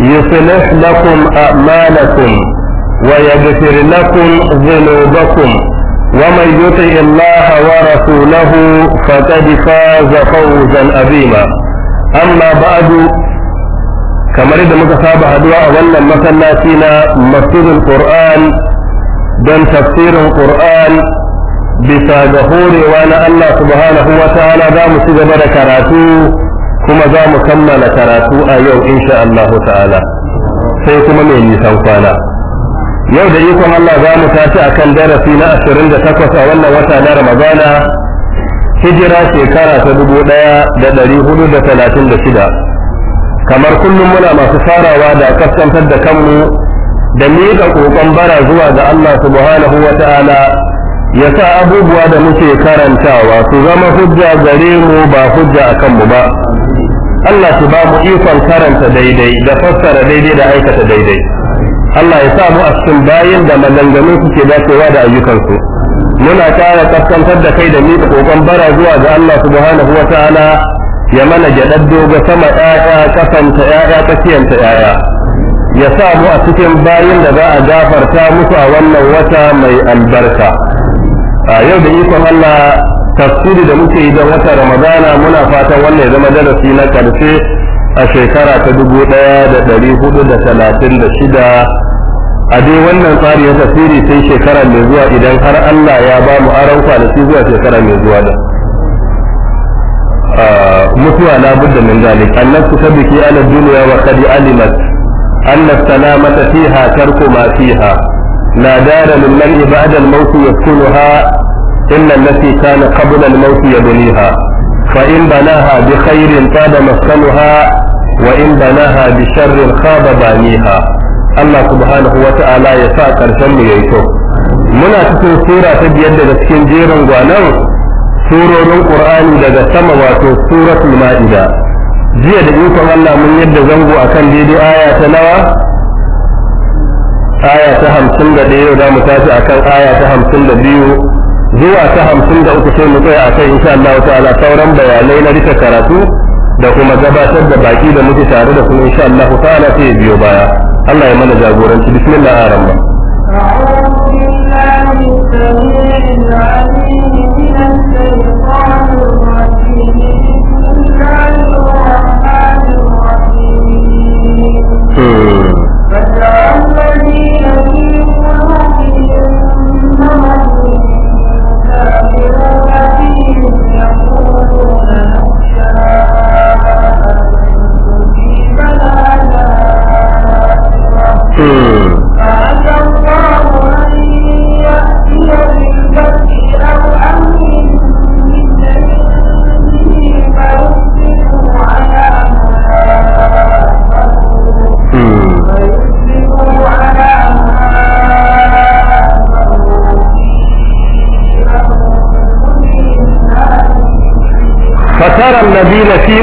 يصلح لكم أعمالكم ويغفر لكم ذنوبكم ومن يطع الله ورسوله فقد فاز فوزا عظيما أما بعد kamar da muka saba haduwa a wannan masallaci na masjidul qur'an don tafsirin qur'an bisa ga horewa na Allah subhanahu wa ta'ala ci gaba da karatu kuma za mu kammala karatu a yau insha Allah ta'ala sai kuma mai nisan kwana yau da ikon Allah za mu tashi a kan darasi na ashirin da takwas a wannan wata na Ramadana hijira shekara ta dubu ɗaya da da hudu talatin shida, kamar kullum muna masu farawa da kaskantar da kanmu da miƙa ƙoƙon bara zuwa ga Allah subhanahu wa ta'ala ya sa abubuwa da muke karantawa su zama hujja gare mu ba hujja a kanmu ba Allah su ba mu ikon karanta daidai da fassara daidai da aikata daidai Allah ya sa mu a cikin bayan da maganganun suke dacewa da ayyukansu muna kara kaskantar da kai da miƙa kokon bara zuwa ga Allah subhanahu wa ta'ala ya mana gyaɗar ga sama ƴaƴa kasanta ƴaƴa tsakiyanta ƴaƴa ya sa mu a cikin bayan da za a gafarta musu a wannan wata mai albarka a yau da ikon Allah tafsiri da muke yi don wata ramadana muna fatan wannan ya zama darasi na karshe a shekara ta dubu ɗaya da ɗari hudu da talatin da shida a dai wannan tsari ya tafsiri sai shekara mai zuwa idan har Allah ya ba mu aron kwanaki zuwa shekara mai zuwa da mutuwa na budda min zalik annabtu biki ala duniya wa kadi alimat anna salamata fiha tarku ma fiha na dara lil mar'i ba'da al-maut yakunuha إلا التي na قبل الموت ya فإن بناها بخير طاب مسكنها وإن بناها بشر خاب بانيها Allah subhanahu wa ta'ala ya sa ƙarshen mu yayi kyau muna cikin sura ta biyar daga cikin jerin gwanan surorin Qur'ani daga sama wato suratul Ma'ida jiya da ikon Allah mun yadda zango akan daidai aya ta nawa aya ta hamsin da ɗaya da mu tashi akan aya ta hamsin da biyu zuwa ta hamsin da uku sai mu tsaya a kai insha Allah ta'ala sauran bayanai na rika karatu da kuma gabatar da baki da muke tare da kuma insha Allah ta'ala sai biyo baya Allah ya mana jagoranci bismillah ar-rahman أعوذ بالله من الشيطان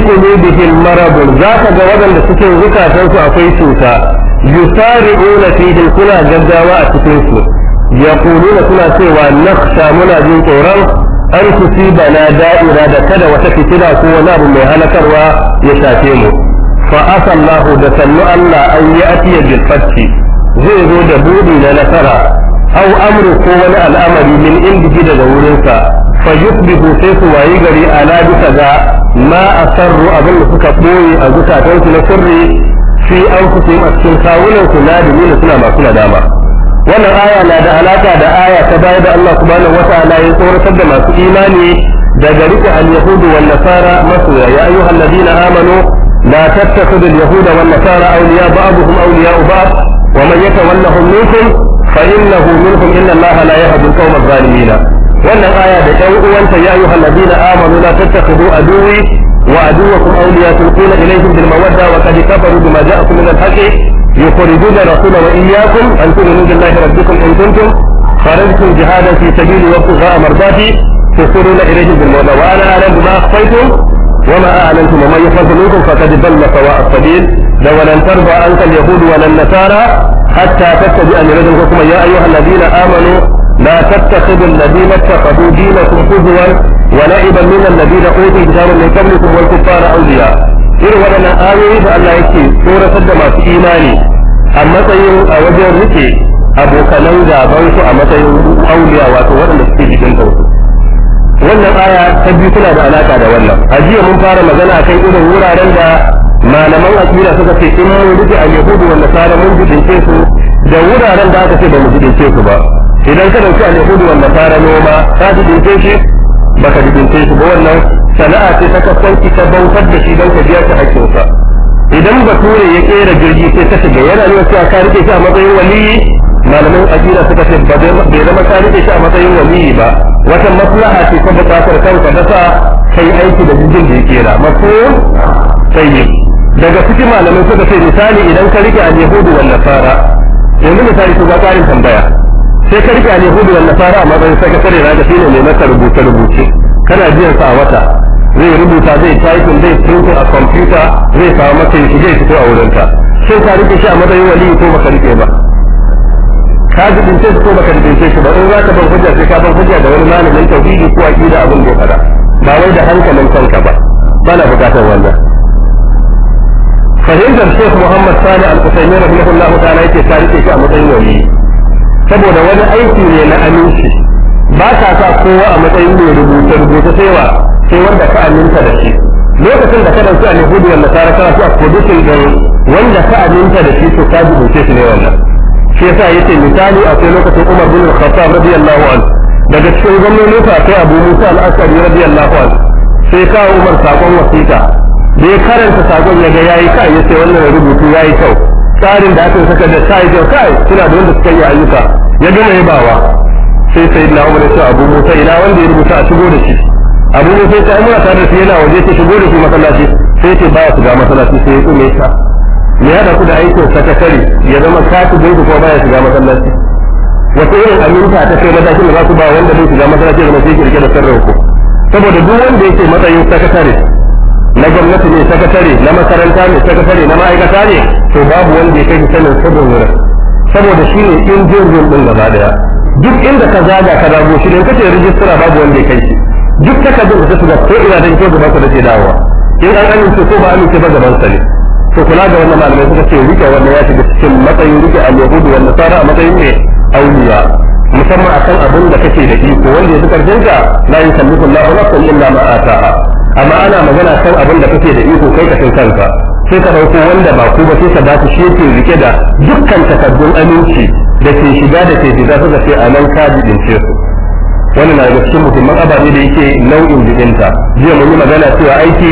qulubihim maradun zaka ga waɗanda suke zukatan su akwai cuta yusari'una fihim kuna gaggawa a cikin su yaquluna suna cewa na muna jin tsoron an tusibana da'ira da kada wata fitina ko wani abu mai halakarwa ya shafe mu fa asallahu da sannu Allah an yi atiya bil zai zo da budi na nasara aw amru ko wani al'amari min indiji daga wurinsa fa yusbihu sai su wayi gari ala bisa ga ma asarru abin da suka boye a zukatansu na sirri fi an kusa a cikin kawunan su na dimina suna masu nadama wannan aya na da alaka da aya ta baya da Allah subhanahu wata'ala ya tsoratar da masu imani daga rike al-yahudu wan nasara masoya ya ayyuhal ladina amanu la da al-yahuda wan nasara awliya ba'dhum awliya ba'd wa man yatawallahum minkum fa innahu minhum inna Allah la yahdi al-qawma adh-dhalimin wannan aya da ɗan uwanta ya ayyuhal ladina amanu la tattakhudhu aduwi wa aduwakum awliya tulquna ilayhim bil mawadda wa qad kafaru bima ja'akum min al-haqq yukhrijuna rasula wa iyyakum an tu'minu billahi rabbikum in kuntum خرجتم جهادا في سبيلي وابتغاء مرضاتي تسرون اليهم بالمولى وانا اعلم بما اخفيتم وما اعلنتم ومن يخرج منكم فقد ضل سواء السبيل لو لن ترضى عنك اليهود ولا النصارى حتى تتبع ملتهم يا ايها الذين امنوا لا تتخذوا الذين اتخذوا دينكم هزوا ولعبا من الذين اوتوا الكتاب من قبلكم والكفار اولياء irin waɗannan ayoyi da Allah yake tsoratar da masu imani a matsayin a wajen rike abokanan gaban su a matsayin auliya wato waɗanda suke jikin kansu wannan aya ta biyu tana da alaka da wannan a jiya mun fara magana kai irin wuraren da malaman akida suka ce in mun rike a yahudu wa nasara mun jidince su da wuraren da aka ce ba mu jidince su ba idan ka dauki alyahudu wanda fara noma ka dinke shi baka dinke shi ba wannan sana'a ce ta kasance ta bautar da shi don ka biya shi hakkinsa idan bature ya kera jirgi sai ta shiga yana nuna cewa ka rike shi a matsayin waliyi malaman akida suka ce bai zama ka rike shi a matsayin waliyi ba wata maslaha ce ta bukatar kanka da sa kai aiki da jirgin da ya kera masu sai daga cikin malamin suka ce misali idan ka rike al yahudu wal nasara yanzu misali ku ga karin tambaya sai ka rike alyahudu wa nasara a matsayin sakatare na da shine mai masa rubuce rubuce kana biyan sa a wata zai rubuta zai typing zai printing a computer zai samu maka shi zai fito a wurinka sai ka rike shi a matsayin wali ko baka rike ba ka ji bince ko baka rike shi ba in za ka ban hujja sai ka ban hujja da wani malamin tauhidi ko aqida abin da kada ba wai da hankalin kanka ba bana bukatar wannan fahimtar Sheikh Muhammad Sani Al-Qusaymi rahimahullahu ta'ala yake tarike shi a matsayin waliyi saboda wani aiki ne na aminci ba ka sa kowa a matsayin mai rubuta rubuta sai sai wanda ka aminta da shi lokacin da ka dauki alhudu wanda ta rakawa su a kodushin gari wanda ka aminta da shi to ka rubuce shi ne wannan shi yasa yake misali a sai lokacin Umar bin Khattab radiyallahu anhu daga cikin gwamnoni lokacin akwai Abu Musa al-Asari radiyallahu anhu sai kawo Umar sakon wasiƙa da ya karanta sakon ya ga yayi kai yace wannan rubutu ya yi kyau tsarin da aka saka da sai da kai suna da wanda suka yi ayyuka ya gama yabawa sai sai na umar sai abu mutai ina wanda ya rubuta a shigo da shi abu musa sai umar ta da shi yana waje sai shigo da shi masallaci sai ta baya shiga masallaci sai ya tsume ta me ya ku da aikin sakatare ya zama katibin ku ko baya shiga masallaci wata irin aminta ta kai matakin da za ku ba wanda bai shiga masallaci da rike da sarrafa saboda duk wanda yake matsayin kare na gwamnati ne sakatare na makaranta ne sakatare na ma'aikata ne to babu wanda ya kai sanin sabon wurin saboda shi ne jin din gaba daya duk inda ka zaga ka dago shi ne kace rijistara babu wanda ya kai shi duk ka da su da ko ina dan ke gaba da ke dawowa in an amince ko ba amince ba gaban sa ne to kula ga wannan malamai suka ce rike wannan ya shiga cikin matsayin rike al-yahudu wa nasara a matsayin ne auliya musamman akan abin da kake da iko wanda ya fi jinka la yusallifu Allahu nafsan illa ma ataha amma ana magana kan abin da kake da iko kai ka kanka sai ka dauko wanda ba ku ba sai ka ba shi ke rike da dukkan takaddun aminci da ke shiga da ke fita suka ce a nan ka din su wannan na daga cikin muhimman ababe da yake nau'in jikinta. jiya mun yi magana cewa aiki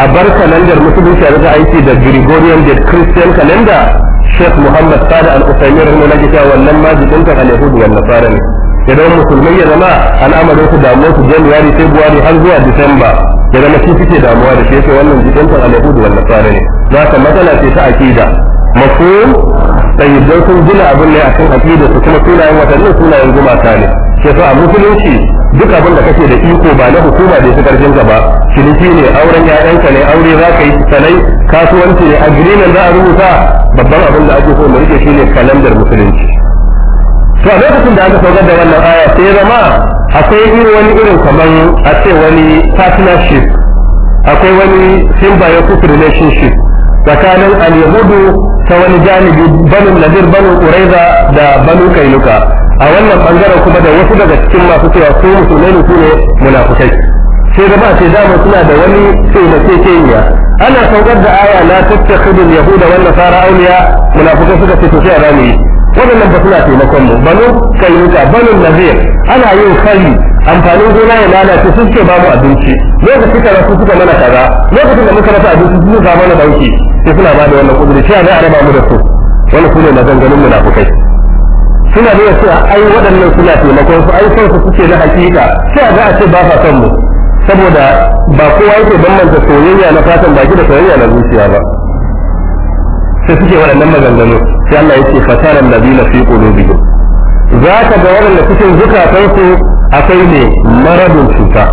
a bar kalandar musulunci a rika aiki da Gregorian da Christian calendar Sheikh Muhammad sada Al-Usaimi rahimahullah ya ce wannan ma bidinta a Yahudu wannan farin. ne idan musulmai ya zama al'amarin su damuwa su January February har zuwa December ya zama su suke damuwa da shi yake wannan jikintar da wannan tsara ne za ka matsala ce ta akida mafu tsayyidai sun gina abin ne akan akida su kuma sunayen watannin sunayen gumaka ne shi yasa a musulunci duk abin da kake da iko ba na hukuma da su karshen ka ba ciniki ne auren ƴaƴanka ne aure za ka yi sanai kasuwanci ne agreement za a rubuta babban abin da ake so mu rike ne kalandar musulunci to a lokacin da aka saukar da wannan aya sai zama akwai irin wani irin kamar a ce wani partnership akwai wani symbiotic relationship tsakanin al ta wani janibi banin nadir banin quraiza da banu kailuka a wannan bangaren kuma da wasu daga cikin masu cewa su musulmai ne su ne munafukai sai zama ce dama suna da wani sai taimakekeniya ana saukar da aya na tattakhidul yahuda wannan fara auliya munafukai suka ce to sai a yi waɗannan ba suna taimakon mu banu kainuka banu nazir ana yin fari amfanin gona ya lalace sun ce babu abinci lokacin da su suka mana kaza lokacin da muka rasa abinci sun ga mana sai suna ba da wannan kudiri sai a raba mu da su wannan mu na kai. suna nuna cewa ai waɗannan suna taimakon su ai son suke na hakika sai a ga a ce ba sa son mu saboda ba kowa yake bambanta soyayya na fatan baki da soyayya na zuciya ba sai suke waɗannan maganganu sai Allah yake fataran ladina fi qulubihim za ka ga waɗanda cikin zukatansu akwai ne maradun cuta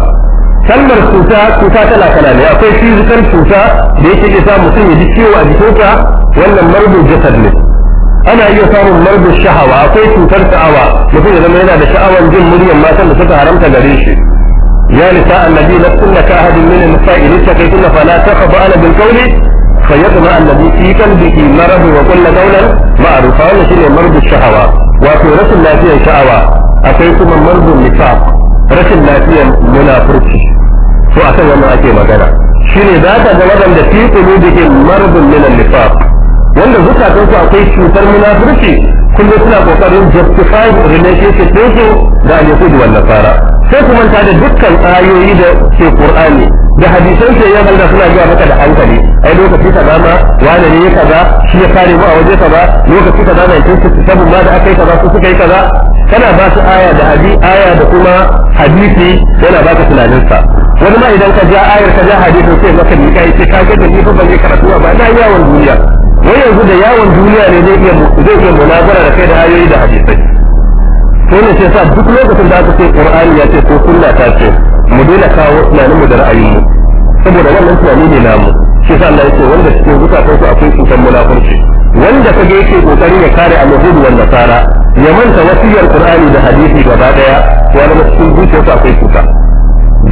kalmar cuta cuta tana kana ne akwai fizikal cuta da yake iya sa mutum ya ji ciwo a jikinsa wannan maradun jasad ne ana iya samun maradun sha'awa akwai cutar sha'awa mutum ya zama yana da sha'awar jin muryar matan da suka haramta gare shi يا نساء النبي لستن كأحد من النساء إن اتقيتن فلا تخضعن بالقول فيطمع الذي في قلبه مرض وكل قولا معروف هذا شيء مرض الشهوة وفي رسل لا فيه شهوة أتيكم مرض النفاق رسل لا فيه منافرك وأتى وما أتي مدنا شيء ذات جوابا في قلوبهم مرض من النفاق wanda zukatansu akwai cutar munafurci kullum suna kokarin justify relationship ɗinsu da alyahudu wal nasara sai kuma ta da dukkan ayoyi da ke qur'ani da hadisan sai ya banda suna zuwa maka da hankali ai lokaci kaza ma wani ne kaza shi ya kare mu a waje kaza lokaci kaza na kin su sabon ma da aka yi kaza su suka yi kaza kana ba su aya da hadi aya da kuma hadisi yana baka tunanin sa wani ma idan ka ja ayar ka ja hadisin sai maka ni kai sai ka ga da ni fa ban yi karatu ba na yawon duniya wai yanzu da yawon duniya ne zai iya zai iya munazara da kai da ayoyi da hadisai to ne sai sa duk lokacin da aka ce qur'ani ya ce ko sunna ta ce mu daina kawo tunanin mu da ra'ayin mu saboda wannan tunani ne namu shi yasa Allah yake wanda cikin zukatan su akwai cutar munafurci wanda ka ga yake kokarin ya kare al-yahud wal nasara ya manta wasiyar qur'ani da hadisi gaba daya wanda cikin su akwai cuta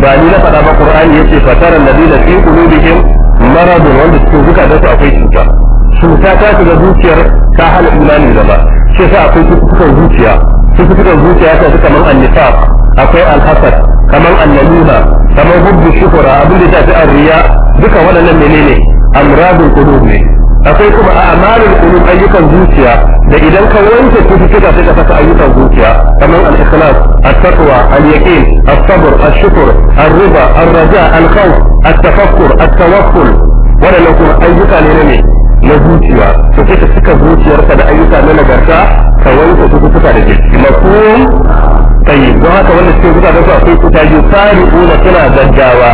ba ni na fada ba qur'ani yace fatara da fi qulubihim marad wanda cikin su akwai cuta cuta ta shiga zuciyar ta hana imani gaba shi yasa akwai cututtukan zuciya cututtukan zuciya ta kamar annifaq akwai alhasad kamar annamima kamar hubbu shukura abin da shafi arriya duka waɗannan menene amradul kudu ne akwai kuma a'malul qulub ayyukan zuciya da idan ka wanke cututtuka sai ka saka ayyukan zuciya kamar al-ikhlas at-taqwa al-yaqin as-sabr ash-shukr ar-riba ar-raja al-khawf at-tafakkur at-tawakkul waɗannan kuma ayyuka ne ne na zuciya to sai ka cika zuciyarka da ayyuka na nagarta ka wanke cututtuka da ke tayi don haka wanda suke guda da su akwai kuta biyu sari'una suna gaggawa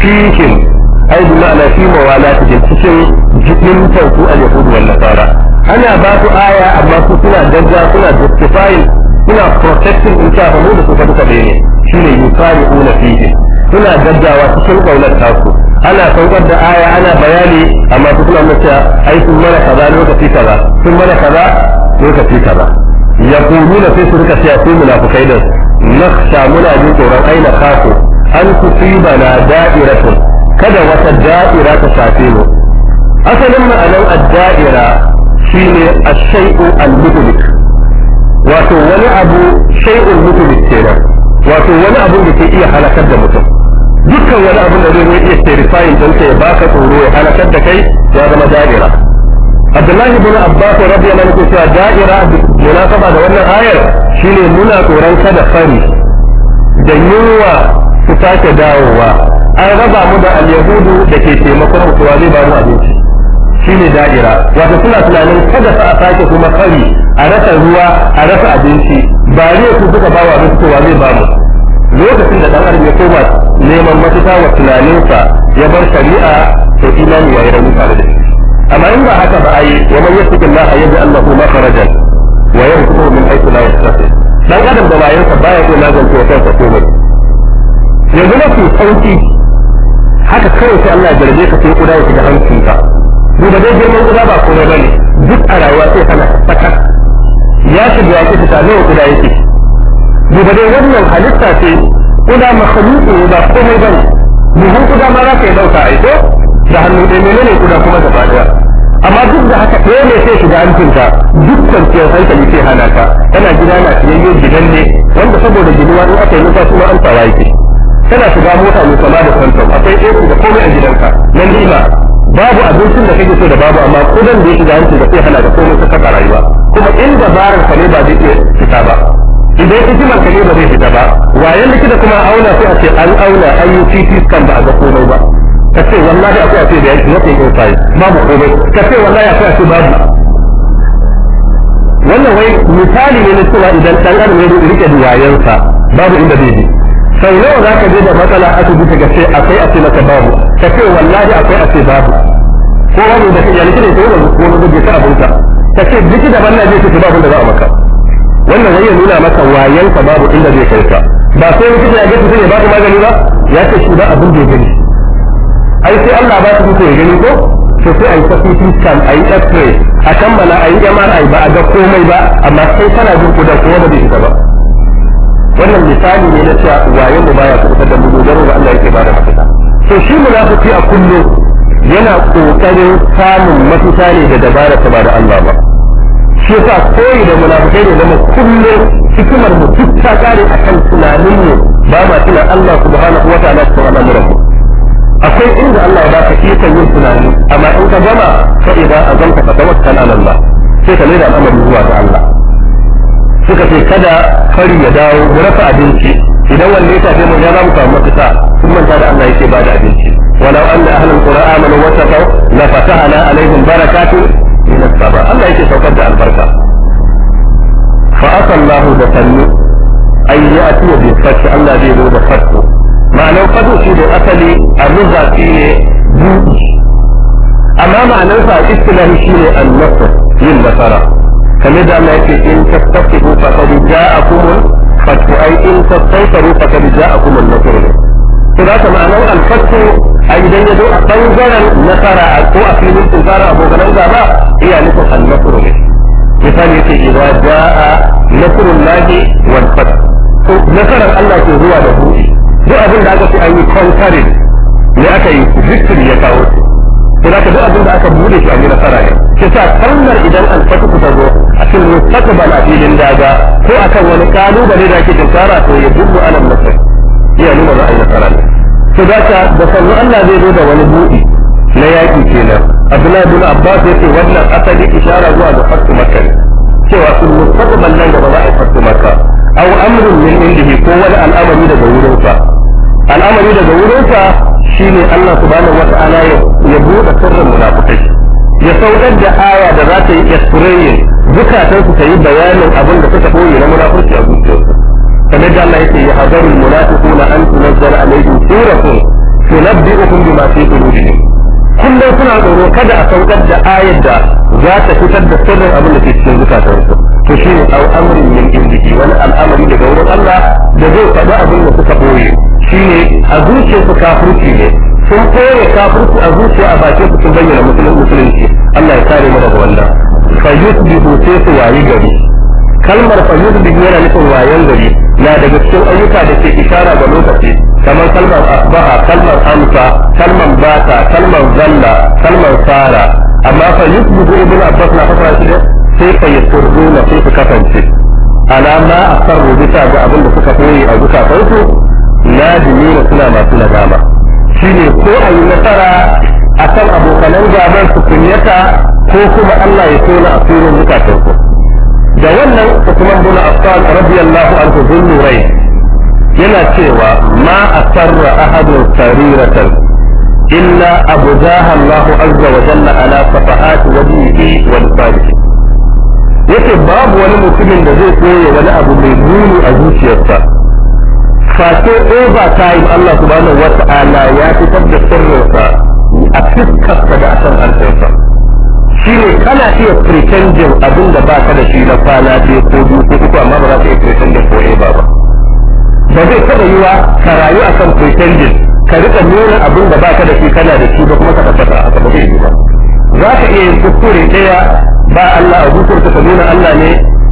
fihin ai bi ma'ana fi mawalati cikin jikin tauku al-yahud wal nasara ana ba su aya amma su suna gaggawa suna justifying suna protecting in ta mu da su ka duka ne shine yusari'una fihin suna gaggawa cikin kaunar tasu ana saukar da aya ana bayani amma su suna mace ai sun mana kaza lokaci kaza sun mana kaza lokaci kaza yaquluna sai su rika cewa su munafikai da nakhsha muna ji tsoron aina khafu an tusibana da'iratun kada wata da'ira ta shafe mu asalin ma'anar ad-da'ira shine a shayu al-mudrik wato wani abu shay'un mudrik kenan wato wani abu da ke iya halakar da mutum dukkan wani abu da zai iya terrifying don ya baka tsoro ya halakar da kai ya zama da'ira Abdullahi bin Abbas radiyallahu anhu cewa da'ira munasaba da wannan ayar shine muna tsoron kada fari da yunwa su sake dawowa an raba mu da al da ke taimakon mu cewa zai ba mu abinci shine da'ira wato suna tunanin kada fa a sake kuma fari a rasa ruwa a rasa abinci ba ne su suka ba wa abinci cewa zai ba mu lokacin da dan adam ya koma neman mafita wa tunaninsa ya bar shari'a to imani ya yi da shi amma in ba haka ba ai wa man yattaqi Allah yaj'al lahu makharajan wa yarzuquhu dan adam da bayansa baya iya magance wa kansa komai yanzu mafi sauki haka kawai sai Allah jarbe ka sai kuda ya shiga hancinka duba dai girman kuda ba komai bane duk a rayuwa sai kana ya shiga ya kusa ne kuda yake duba dai wannan halitta ce kuda makhluqi ba komai bane mu kuda ma za ka yi dauka da hannu ɗaya ne kuda kuma gaba ɗaya amma duk da haka ɗaya ne sai shiga hankinka duk kwanciyar hankali sai hana ka kana gida na siyayyen gidan ne wanda saboda ginuwa in aka yi numfashi ma an tawa yake kana shiga mota mai da kwanton akwai ɗaya da komai a gidanka na nima babu abincin da kake so da babu amma kudan da ya shiga hancin da sai hana da komai ka rayuwa kuma in dabarar ka ne ba zai iya fita ba idan hikimar ka ne ba zai fita ba wayan likita kuma auna sai a ce an auna an yi ct scan ba a ga komai ba ka ce wallahi akwai ace da yake yake ko sai babu komai ka ce wallahi akwai ace babu wannan wai misali ne na cewa idan dan adam ya rike duwayensa babu inda zai bi sai nawa za ka je da matsala asibiti ka ce akwai ace maka babu ka ce wallahi akwai ace babu ko wani da kai yalki da ko wani ko wani da ka abunta ka ce duk da ban wannan zai ce babu da za a maka wannan wai ya nuna maka wayanka babu inda zai kai ka ba sai wani likita ya ga ba babu magani ba ya ce shi ba abin da ya gani ai sai Allah ba su mutu ya gani ko to sai ai tafi scan ai x-ray a kammala ai MRI ba a ga komai ba amma sai kana jin da kuma ba zai ba wannan misali ne na cewa wayan mu baya kusa da mu da Allah yake ba da mafita to shi munafiki a kullu yana kokarin samun mafita ne da dabara ta ba da Allah ba shi yasa koyi da munafikai ne zama kullum hikimar mu duk ta kare akan tunanin mu ba ma tunan Allah subhanahu wa ta'ala cikin al'amuran mu akwai inda Allah ya baka ikon yin tunani amma in ka gama fa idza azanta fa tawakkal ala ba, sai ka maida al'amari zuwa ga Allah suka ce kada fari ya dawo ya rafa abinci idan wanda ya tafi mun ya zamu samu mafita sun manta da Allah yake bada abinci walau an da ahlul qura amanu wa taqaw la fatahna alaihim barakatu min as-sama Allah yake saukar da albarka fa asallahu da sallu ayyatu bi fatih Allah zai zo da fatih ma'anar fadu shi ne asali a lugha shi ne buɗi amma ma'anarsa a istilahi shi ne annasar yin nasara kamar da Allah yake in tattaqihu faqad ja'akum fatu ai in tattaqihu faqad ja'akum an-nasr to da ma'anar al-fatu ai idan yazo a bangaren nasara ko a filin tsara abokan gaba iya nufin an-nasr ne misali yake idza ja'a nasrullahi wal fath nasarar Allah ke zuwa da buɗi duk abin da aka fi an yi conquering ne aka yi victory ya kawo su da duk abin da aka bude shi a yi nasara ne ke sa kalmar idan an fata zo a cikin mustaqbal na filin daga ko a kan wani kalubale da ake tunkara to ya alam alal nasr iya nuna za a yi ne da ka da sannu Allah zai zo da wani buɗi na yaƙi kenan Abdullahi bin Abbas ya ce wannan asali ishara zuwa ga fatu makka cewa sun mustaqbal nan gaba za a yi fatu makka aw amrun min indihi ko wani al'amari daga wurinsa al'amari daga wurinsa shine Allah subhanahu wata'ala ya ya buɗe sirrin munafikai ya saukar da aya da za ta yi explain zukatan su ta yi bayanin abin da suka koyi na munafurci a zuciyarsu kamar da Allah yake ya hadarul munafiquna an tunazzala alaihim suratun tunabbi'ukum bima fi qulubihim kullum suna tsoro kada a saukar da ayar da za ta fitar da sirrin abin da ke cikin zukatansu to shi ne au amrin min indiki wani al'amari daga wurin Allah da zai faɗi abin da suka boye shi ne a zuciyarsu kafirci ne sun koya kafirci a zuciya a bakin su sun bayyana musulunci Allah ya kare mu daga wannan fa yusbihu sai su wayi gari kalmar fa yana nufin wayan gari na daga cikin ayyuka da ke ishara ga lokaci kamar kalmar asbaha kalmar amsa kalmar bata kalmar zalla kalmar fara amma fa yuzbih bin abbas na fasara shi sai fa na sai su kasance alama kan rubuta ga abin da suka koyi a zukatansu nadimina suna masu nadama shine ko a yi nasara akan abokanan gaban su kunyata ko kuma Allah ya tona asirin zukatansu da wannan Usman bin Affan radiyallahu anhu bin Nuray yana cewa ma asarra ahadun sariratan illa abuzaha Allah azza wa jalla ala safahat wajhihi wa lisanihi yace babu wani mutumin da zai koye wani abu mai muni a zuciyarsa face over time Allah subhanahu wa ta'ala ya fitar da sirrinsa a fiskarsa da akan alƙarsa shi ne kana iya pretending abin da ba ka da shi na kwana biyu ko biyu ko uku amma ba za ka iya pretending ko ba ba ba zai taɓa yiwa ka rayu akan pretending ka rika nuna abin da ba ka da shi kana da shi ba kuma ka tabbata a ka ba zai ba za ka iya yin kuskure ɗaya ba Allah a zuciyarka ka nuna Allah ne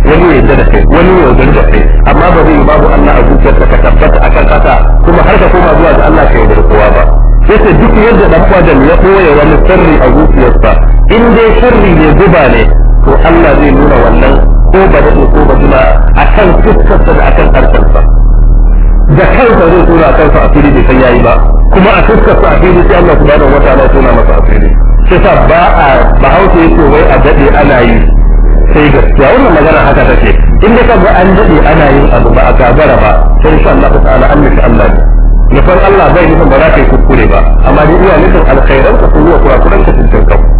wani ya yarda da kai wani ya yarda da kai amma ba zai yi babu Allah a zuciyarka ka tabbata a kan kasa kuma har ka koma zuwa ga Allah ka yarda da kowa ba sai duk yadda dan adam ya koya wani sirri a zuciyarsa in dai sirri ne guba ne to Allah zai nuna wannan ko ba da ko ba juma akan fuskarsa da akan harshensa da kansa zai tura a kansa a fili bai san yayi ba kuma a fuskarsa a fili sai Allah subhanahu wataala ya tona masa a fili sai sa ba a bahaushe yake wai a dade ana yi sai gaskiya wannan magana haka take in da kaga an daɗe ana yin abu ba a gagara ba sai insha Allah ta'ala an mishi Allah ne nufin Allah bai nufin ba za ka yi kuskure ba amma dai iya nufin alkhairan ka sun yi wa kurakuran ka sun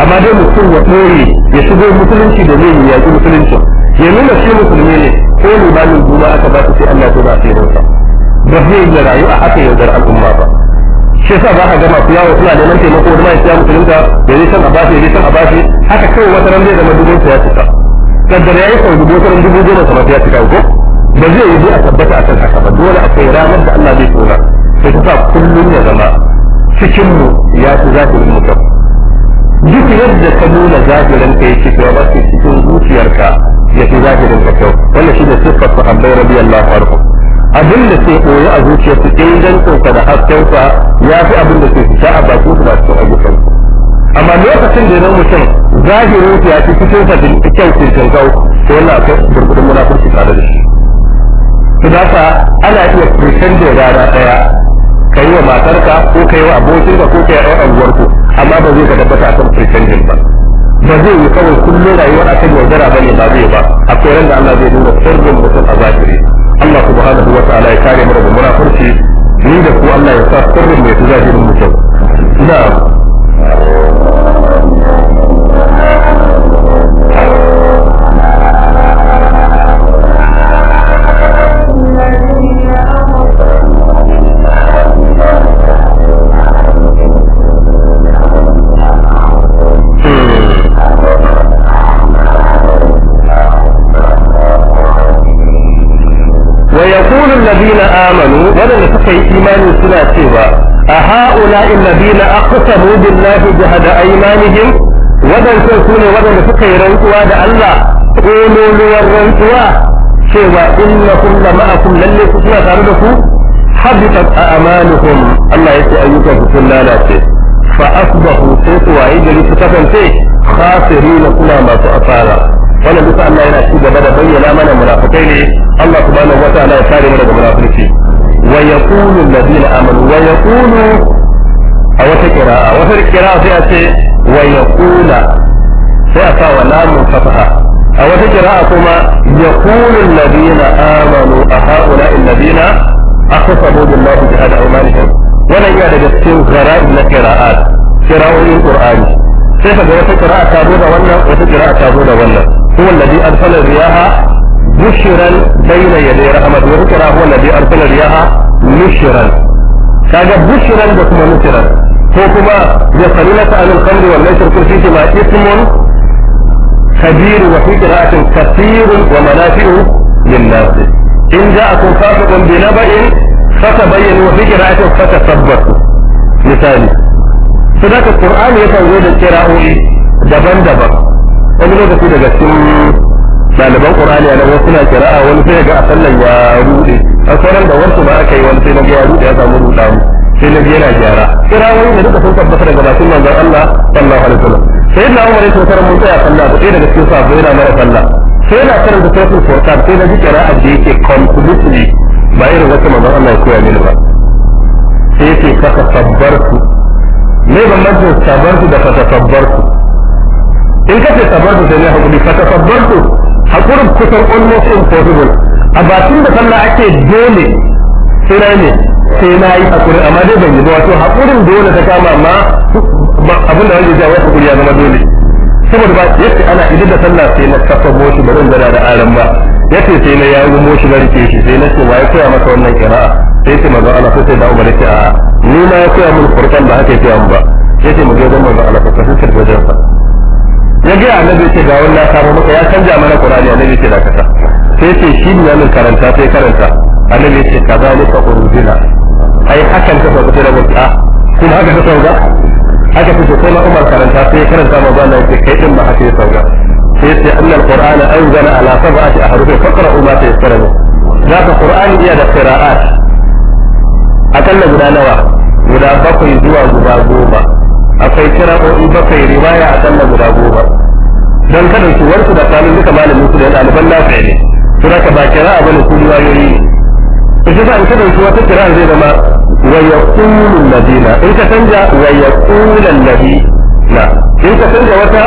amma dai mutum ya ɓoye ya shigo musulunci da zai yaƙi musulunci ya nuna shi musulmi ne ko limamin juma aka ba su sai Allah ya ba sai rinsa ba zai iya rayu a haka yaudar al'umma ba shi yasa za ka ga masu yawo suna neman taimako wani ma ya musulunta da zai san a bashi ya zai san a shi haka kawai wata ran zai zama dubin ya cika kaddar ya yi sau dubu wata ran dubu goma sama ya cika ko ba zai yi a tabbata kan haka ba dole akwai ranar da Allah zai tura sai ta sa kullum ya zama cikinmu ya fi zafin mutum duk yadda ka nuna zahirin ka yake cewa ba sai cikin zuciyarka ya fi zahirin ka kyau wannan ne siffar sahabbai radiyallahu anhu abin da ke koyi a zuciyarsu ingancin ka da hasken sa ya fi abin da ke fita a bakin su ba cikin ayyukan amma lokacin da ya zama mutum zahirin ya fi cikin sa kyau ke jangau to yana akwai gurgudun munafurci tare da shi su haka ana iya pretending rana daya ka yi wa matarka ko ka yi wa abokinka ko ka yi a ɗan uwarku amma ba zai ka tabbata kan pretending ba ba zai yi kawai kullum rayuwar kan yaudara ba ne ba zai ba akwai koyar da Allah zai nuna sirrin mutum a zahiri Allah subhanahu wa ta'ala ya kare mu daga munafurci ni da ku Allah ya sa sirrin mai zahirin mutum na'am الذين آمنوا ولن تقي إيمان سنا سوى أهؤلاء الذين أقسموا بالله جهد أيمانهم ولن تكون ولن تقي رنقوا الله قولوا لورنقوا سوى إنكم لمعكم لن تكون تردكم حبطت أعمالهم الله يسأل أيكم في الله فأصبحوا سيسوا عيد لتكفن فيه خاسرين كنا ما تأثارا wannan duka Allah yana ci gaba da bayyana mana munafikai ne Allah subhanahu wataala ya kare mu daga munafiki wa yaqulu alladhina amanu wa yaqulu a wata qira'a wata qira'a sai a ce wa yaqula sai a sa wa lamun fataha a wata qira'a kuma yaqulu alladhina amanu a haula alladhina aqsamu billahi jihada aymanihim wannan yana daga cikin ghara'ib na qira'at qira'o'in qur'ani sai ka ga wata kiraa ta zo da wannan wata kiraa ta zo da wannan هو الذي ارسل الرياح بشرا بين يدي رحمته وذكر هو الذي ارسل الرياح نشرا كان بشرا وثم نشرا فكما يسالونك عن الخمر والميسر كل شيء ما اثم خبير وفي قراءة كثير ومنافع للناس إن جاءكم فاسق بنبأ فتبين وفي قراءة فتثبت مثالي فذاك القرآن يتوجد القراءة دبا دبا wani lokaci daga cikin ɗaliban ƙur'ani a nan wasu na kira'a wani sai ga a sallan ya rude a sauran da wasu ba aka yi wani sai na ga ya rude ya samu ruɗa sai na yana gyara kirawoyi da duka sun tabbata daga bakin manzon Allah sallallahu alaihi wasallam sai na umar ya tsara mun tsaya sallah ba daga cikin sabo yana mara sallah sai na karanta suratul furqan sai na ji kira'a da yake completely ba irin wacce manzon Allah ya koya ba sai yake fata sabbartu ne ban sabbartu da fata sabbartu in ka ce sabartu sai ne hakuri fa ta sabartu hakurin kusan almost impossible a bakin da sallah ake dole sai ne sai na yi hakuri amma dai ban yi ba wato hakurin dole ta kama amma abin da wanda jawo hakuri ya zama dole saboda ba yace ana idan da sallah sai na kafa moshi ba zan da aran ba yace sai na yayi moshi na rike shi sai na ce wai ya koya maka wannan kira'a sai ce maza Allah sai da Umar ce a ni ma ya koya min furqan ba haka yace an ba yace mu je don maza Allah sai sai wajen sa ya ga annabi ce ga wannan samu maka ya canja mana qur'ani annabi ce da kasa sai ce shi ne nan karanta sai karanta annabi ce kazalika urjina ai hakan ka ba ta rabu a ah, kuma haka ta sauka haka ta sai na Umar karanta sai karanta ma ba Allah ce kai din ba haka ya sauka sai ce annal qur'ana anzala ala sab'ati yi faqra'u ma tayassara zaka qur'ani iya da qira'at akalla guda nawa guda bakwai zuwa guda goma akwai kira'o'i bakwai riwaya a kalla guda goma don kada su warku da kanun duka malamin su da ɗaliban lafiya ne su ka ba a bane su riwayoyi ne su shi in kada su wata kira'a zai zama ويقول الذين إن تنجى babu الذي لا إن تنجى وتا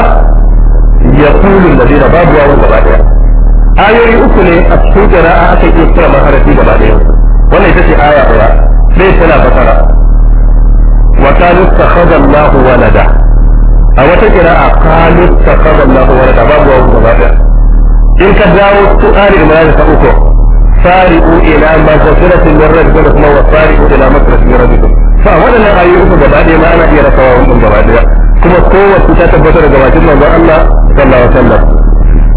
يقول الذين باب واو جبالية آية أكل أتشجر أتشجر ما هرتي جبالية ولا يتشي aya ولا ليس لا بطرة wa qalu takhadha Allahu walada a wata qira'a qalu takhadha Allahu da babu wa gaba da in ka dawo su ali imran ta uku sari'u ila mazfiratin min rabbikum kuma wa sari'u ila mazfiratin min rabbikum fa wadannan ayoyi uku gaba ɗaya ma ana iya rasawa wannan gaba ɗaya kuma kowace ta tabbata daga bakin manzon Allah sallallahu alaihi wasallam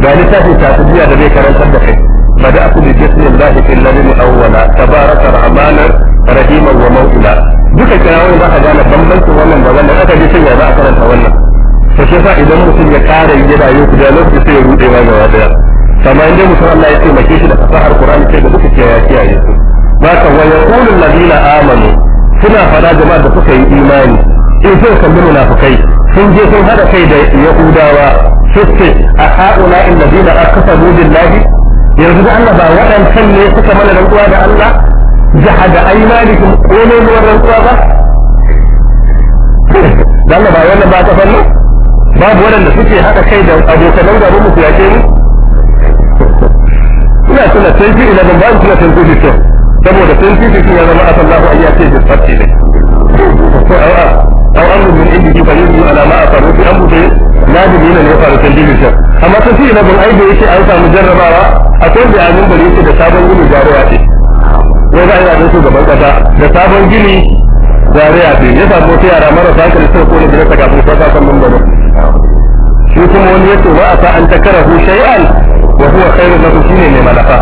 ga littafin tafiya da zai karantar da kai بدأت بجسم الله في الذي أولا تبارك رحمانا رحيما وموئلا suka kirawo za a gane bambancin wannan da wannan aka ji sanya za a karanta wannan to shi yasa idan mutum ya kara yi yana yi guda lokaci sai ya rude ma gaba daya amma inda mutum Allah ya taimake shi da fasahar Qur'ani sai da duka kiyaye kiyaye su ba ka wa yaqulu alladhina amanu suna fara jama'a da suka yi imani in sun kalli munafikai sun je sun hada kai da yahudawa suke a haula alladhina akasabu billahi yanzu da Allah ba waɗancan ne suka mana rantsuwa da Allah jahada aymanikum ko ne ruwan rantsuwa ba dan ba wannan ba ta fannin babu waɗanda suke haka kai da abokanan gaban mu yaƙe mu ina tuna 2011 ba a tuna 2015 saboda 2015 ya zama asallahu ayyace da tsarki ne أو أمر من عنده فيجري على ما أصابه في أمر شيء لازم هنا اللي يفعل تنجيب الشر أما تسيء لكم أي بيشي أنت مجربة أقول بأمين بريشي بسابة من ce. ko za a yi a abin gaban kasa da sabon gini zariya ce ya samu wata yara mara marasa hankali suka kone da ta kafin kasa kan mambaro shi kuma wani yace wa asa an takarahu shay'an wa huwa khairun lakum shine mai malafa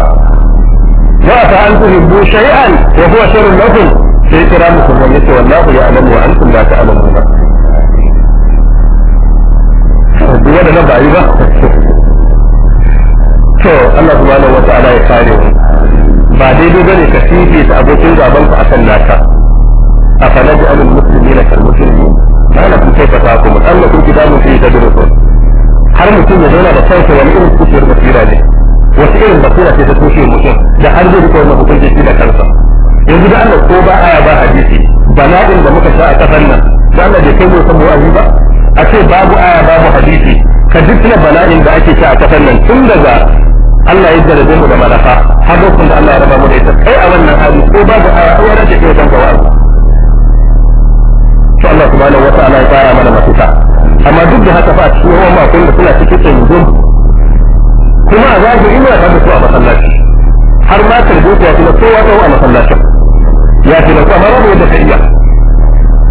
wa asa an tuhibbu shay'an wa huwa sharrun lakum sai kira musulman yace wallahu ya'lamu wa antum la ta'lamuna duk da na bayi ba to Allah subhanahu wa ta'ala ya kare mu ba daidai ne ka fifi ta abokin gaban ka akan naka a falaji alul musulmi na kal musulmi ma na kun kai fata kuma k'an na kun kida mun fi sun har mutum ya zauna da kansa wani irin kusurin basira ne wasu irin basira ce ta tushe mutum da har zai rika wannan hukunci shi da kansa yanzu da Allah ko ba aya ba hadisi bala'in da muka sha a kasar nan da Allah bai kai mu san mu'azi ba a ce babu aya babu hadisi ka duk bala'in da ake sha a kasar nan tun daga Allah ya jarabe mu da malafa har lokacin da Allah ya raba mu da ita kai a wannan hali ko babu a aure da ke kan gawa to Allah subhanahu wataala ya fara mana mafita amma duk da haka fa cikin wannan makon da suna cikin tsanzo kuma a zaɓi ina ta da su a masallaci har ma tarbiyyar ya fi na kowa ta a masallacin ya fi na kamar da ka iya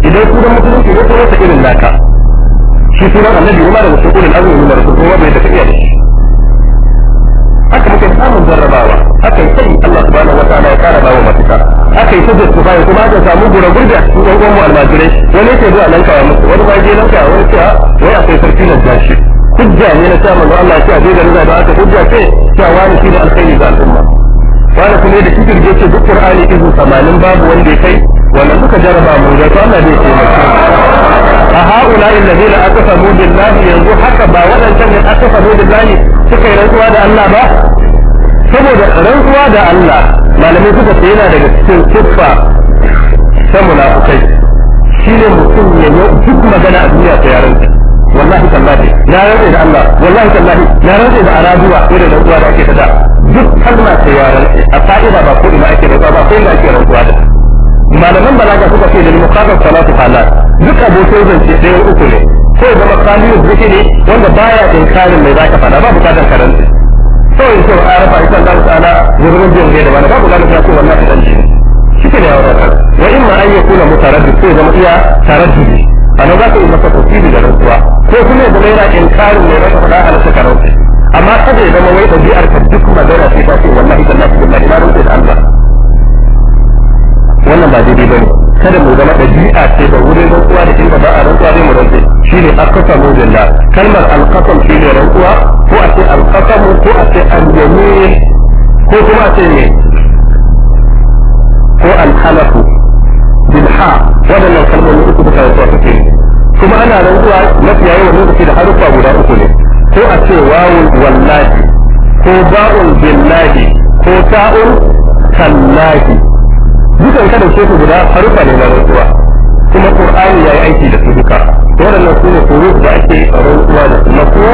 idan ku da musulunci ne ko wata irin naka shi sunan annabi umar da musulun azumi ne da rasul kuma bai da iya da shi haka muke samun jarrabawa haka yi sai Allah subhanahu wataala ya kara bawa mafita haka yi ta jirku bayan kuma aka samu gura gurbiya a cikin yan uwanmu almajirai wani yake zuwa nan kawa musu wani ba je nan kawa wani cewa ah, wai akwai sarki na jashi hujja ne na samun da Allah ya ce a je da aka hujja ce cewa wani shi da alkhairi ga al'umma wani kuma da kikir je ce duk qur'ani izu samanin babu wanda ya kai wannan muka jarraba mu da to Allah zai taimake a ha'ula illazina aqsamu billahi yanzu haka ba wadancan ne aqsamu billahi suka yi rantsuwa da Allah ba saboda rantsuwa da Allah malamai suka ce yana daga cikin siffa ta munafukai shine mutum ya yi duk magana a duniya ta yaran ta wallahi tallahi na rantsa da Allah wallahi tallahi na rantsa da arabuwa irin rantsuwa da ake ta da duk kalma ta yaran a fa'ida ba ko ina ake rantsuwa ba ko ina ake rantsuwa da malaman balaga suka ce da muqaddar salatu halal duk abokin zance ɗaya uku ne ko ya zama kamilu ne wanda baya kalin mai zaka fada ba bukatar karanta so in ce a rafa ita Allah ta'ala wurin jin da ba ba bukatar ta ce wannan kadan shi shike ne yawa kan wa in ma an yakuna mutaraddid ko ya zama iya taraddudi anan za ka yi masa tafsiri da rantsuwa ko kuma ya zama yana inkarin mai zaka fada halatta karanta amma kada ya zama wai ɗabi'ar ka duk magana sai ta ce wallahi tallahi billahi na rantsa da Allah wannan ba daidai bane kada mu zama ɗabi'a sai da wurin rantsuwa da inda ba a rantsuwa zai mu rantse shi ne alƙasamu billah kalmar alƙasam shi ne rantsuwa ko a ce alƙasamu ko a ce alyamin ko kuma a ce ne ko alhalafu bilha waɗannan kalmomi uku duka rantsuwa suke kuma ana rantsuwa mafiya yawan lokaci da haruffa guda uku ne ko a ce wawun wallahi ko ba'un billahi ko ta'un kallahi dukan kada dauke su guda harufa ne na rantsuwa kuma qur'ani yayi aiki da su duka waɗannan su ne furuf da ake rantsuwa da su mako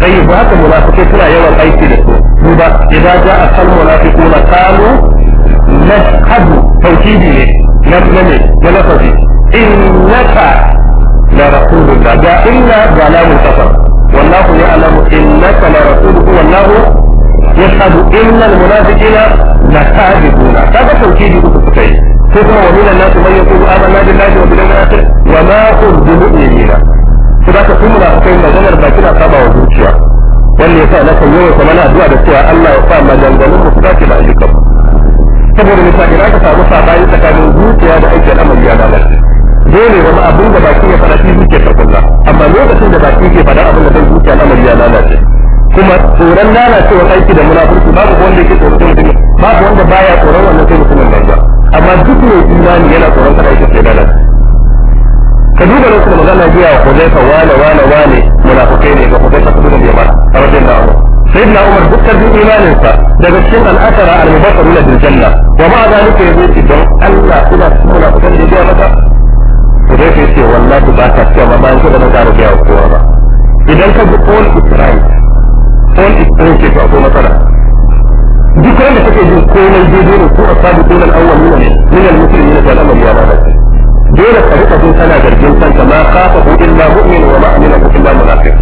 sai ba haka munafikai suna yawan aiki da su duba idan ja a san kalu na nashhadu tawkidi ne na ne na lafazi innaka la rasulullah ja inna ga la mutafa wallahu ya'lamu innaka la rasuluhu wallahu yashhadu innal munafiqina لكاذبون هذا توكيد كتبتين كفر ومن الناس من يقول آمنا بالله وباليوم الآخر وما هم بمؤمنين فذاك ثم لا أقيم مجنر باكنا قام وزوجيا wanda ya sa na kan yawan sama na addu'a da cewa Allah ya sa maganganun mu su dace da ayyukan saboda misali na ka samu sabani tsakanin zuciya da aikin amali ya lalace dole wani abin da baki ya fara shi zuciya ta kulla amma lokacin da baki ke fada abin da zai zuciya amali ya lalace kuma tsoron lalacewar aiki da munafurci babu wanda yake tsoron mutum babu wanda baya tsoron wannan sai mutumin nan ba amma duk mai imani yana tsoron kada aikin sai lalace ka duba lokacin da magana biya wa hudaifa wane wane wane munafukai ne ga hudaifa su gudun yamma rabin da abu sai na umar dukkan duk imaninsa daga cikin al'asara al-mubassaru na biljanna wa ma zalika ya ce don Allah suna cikin munafukan da biya maka hudaifa ya ce wallahi ba ta cewa ba bayan kuma na ƙara biya wa kowa ba idan ka bi all israel on its own ke akwai matsala duk wanda kake jin komai daidai ne ko asabu ko al-awwal ne min al-muslimin da al-amal ya lalace dole ka rika jin kana zargin kanka ma kafa hu illa mu'min wa ma'mina illa munafiq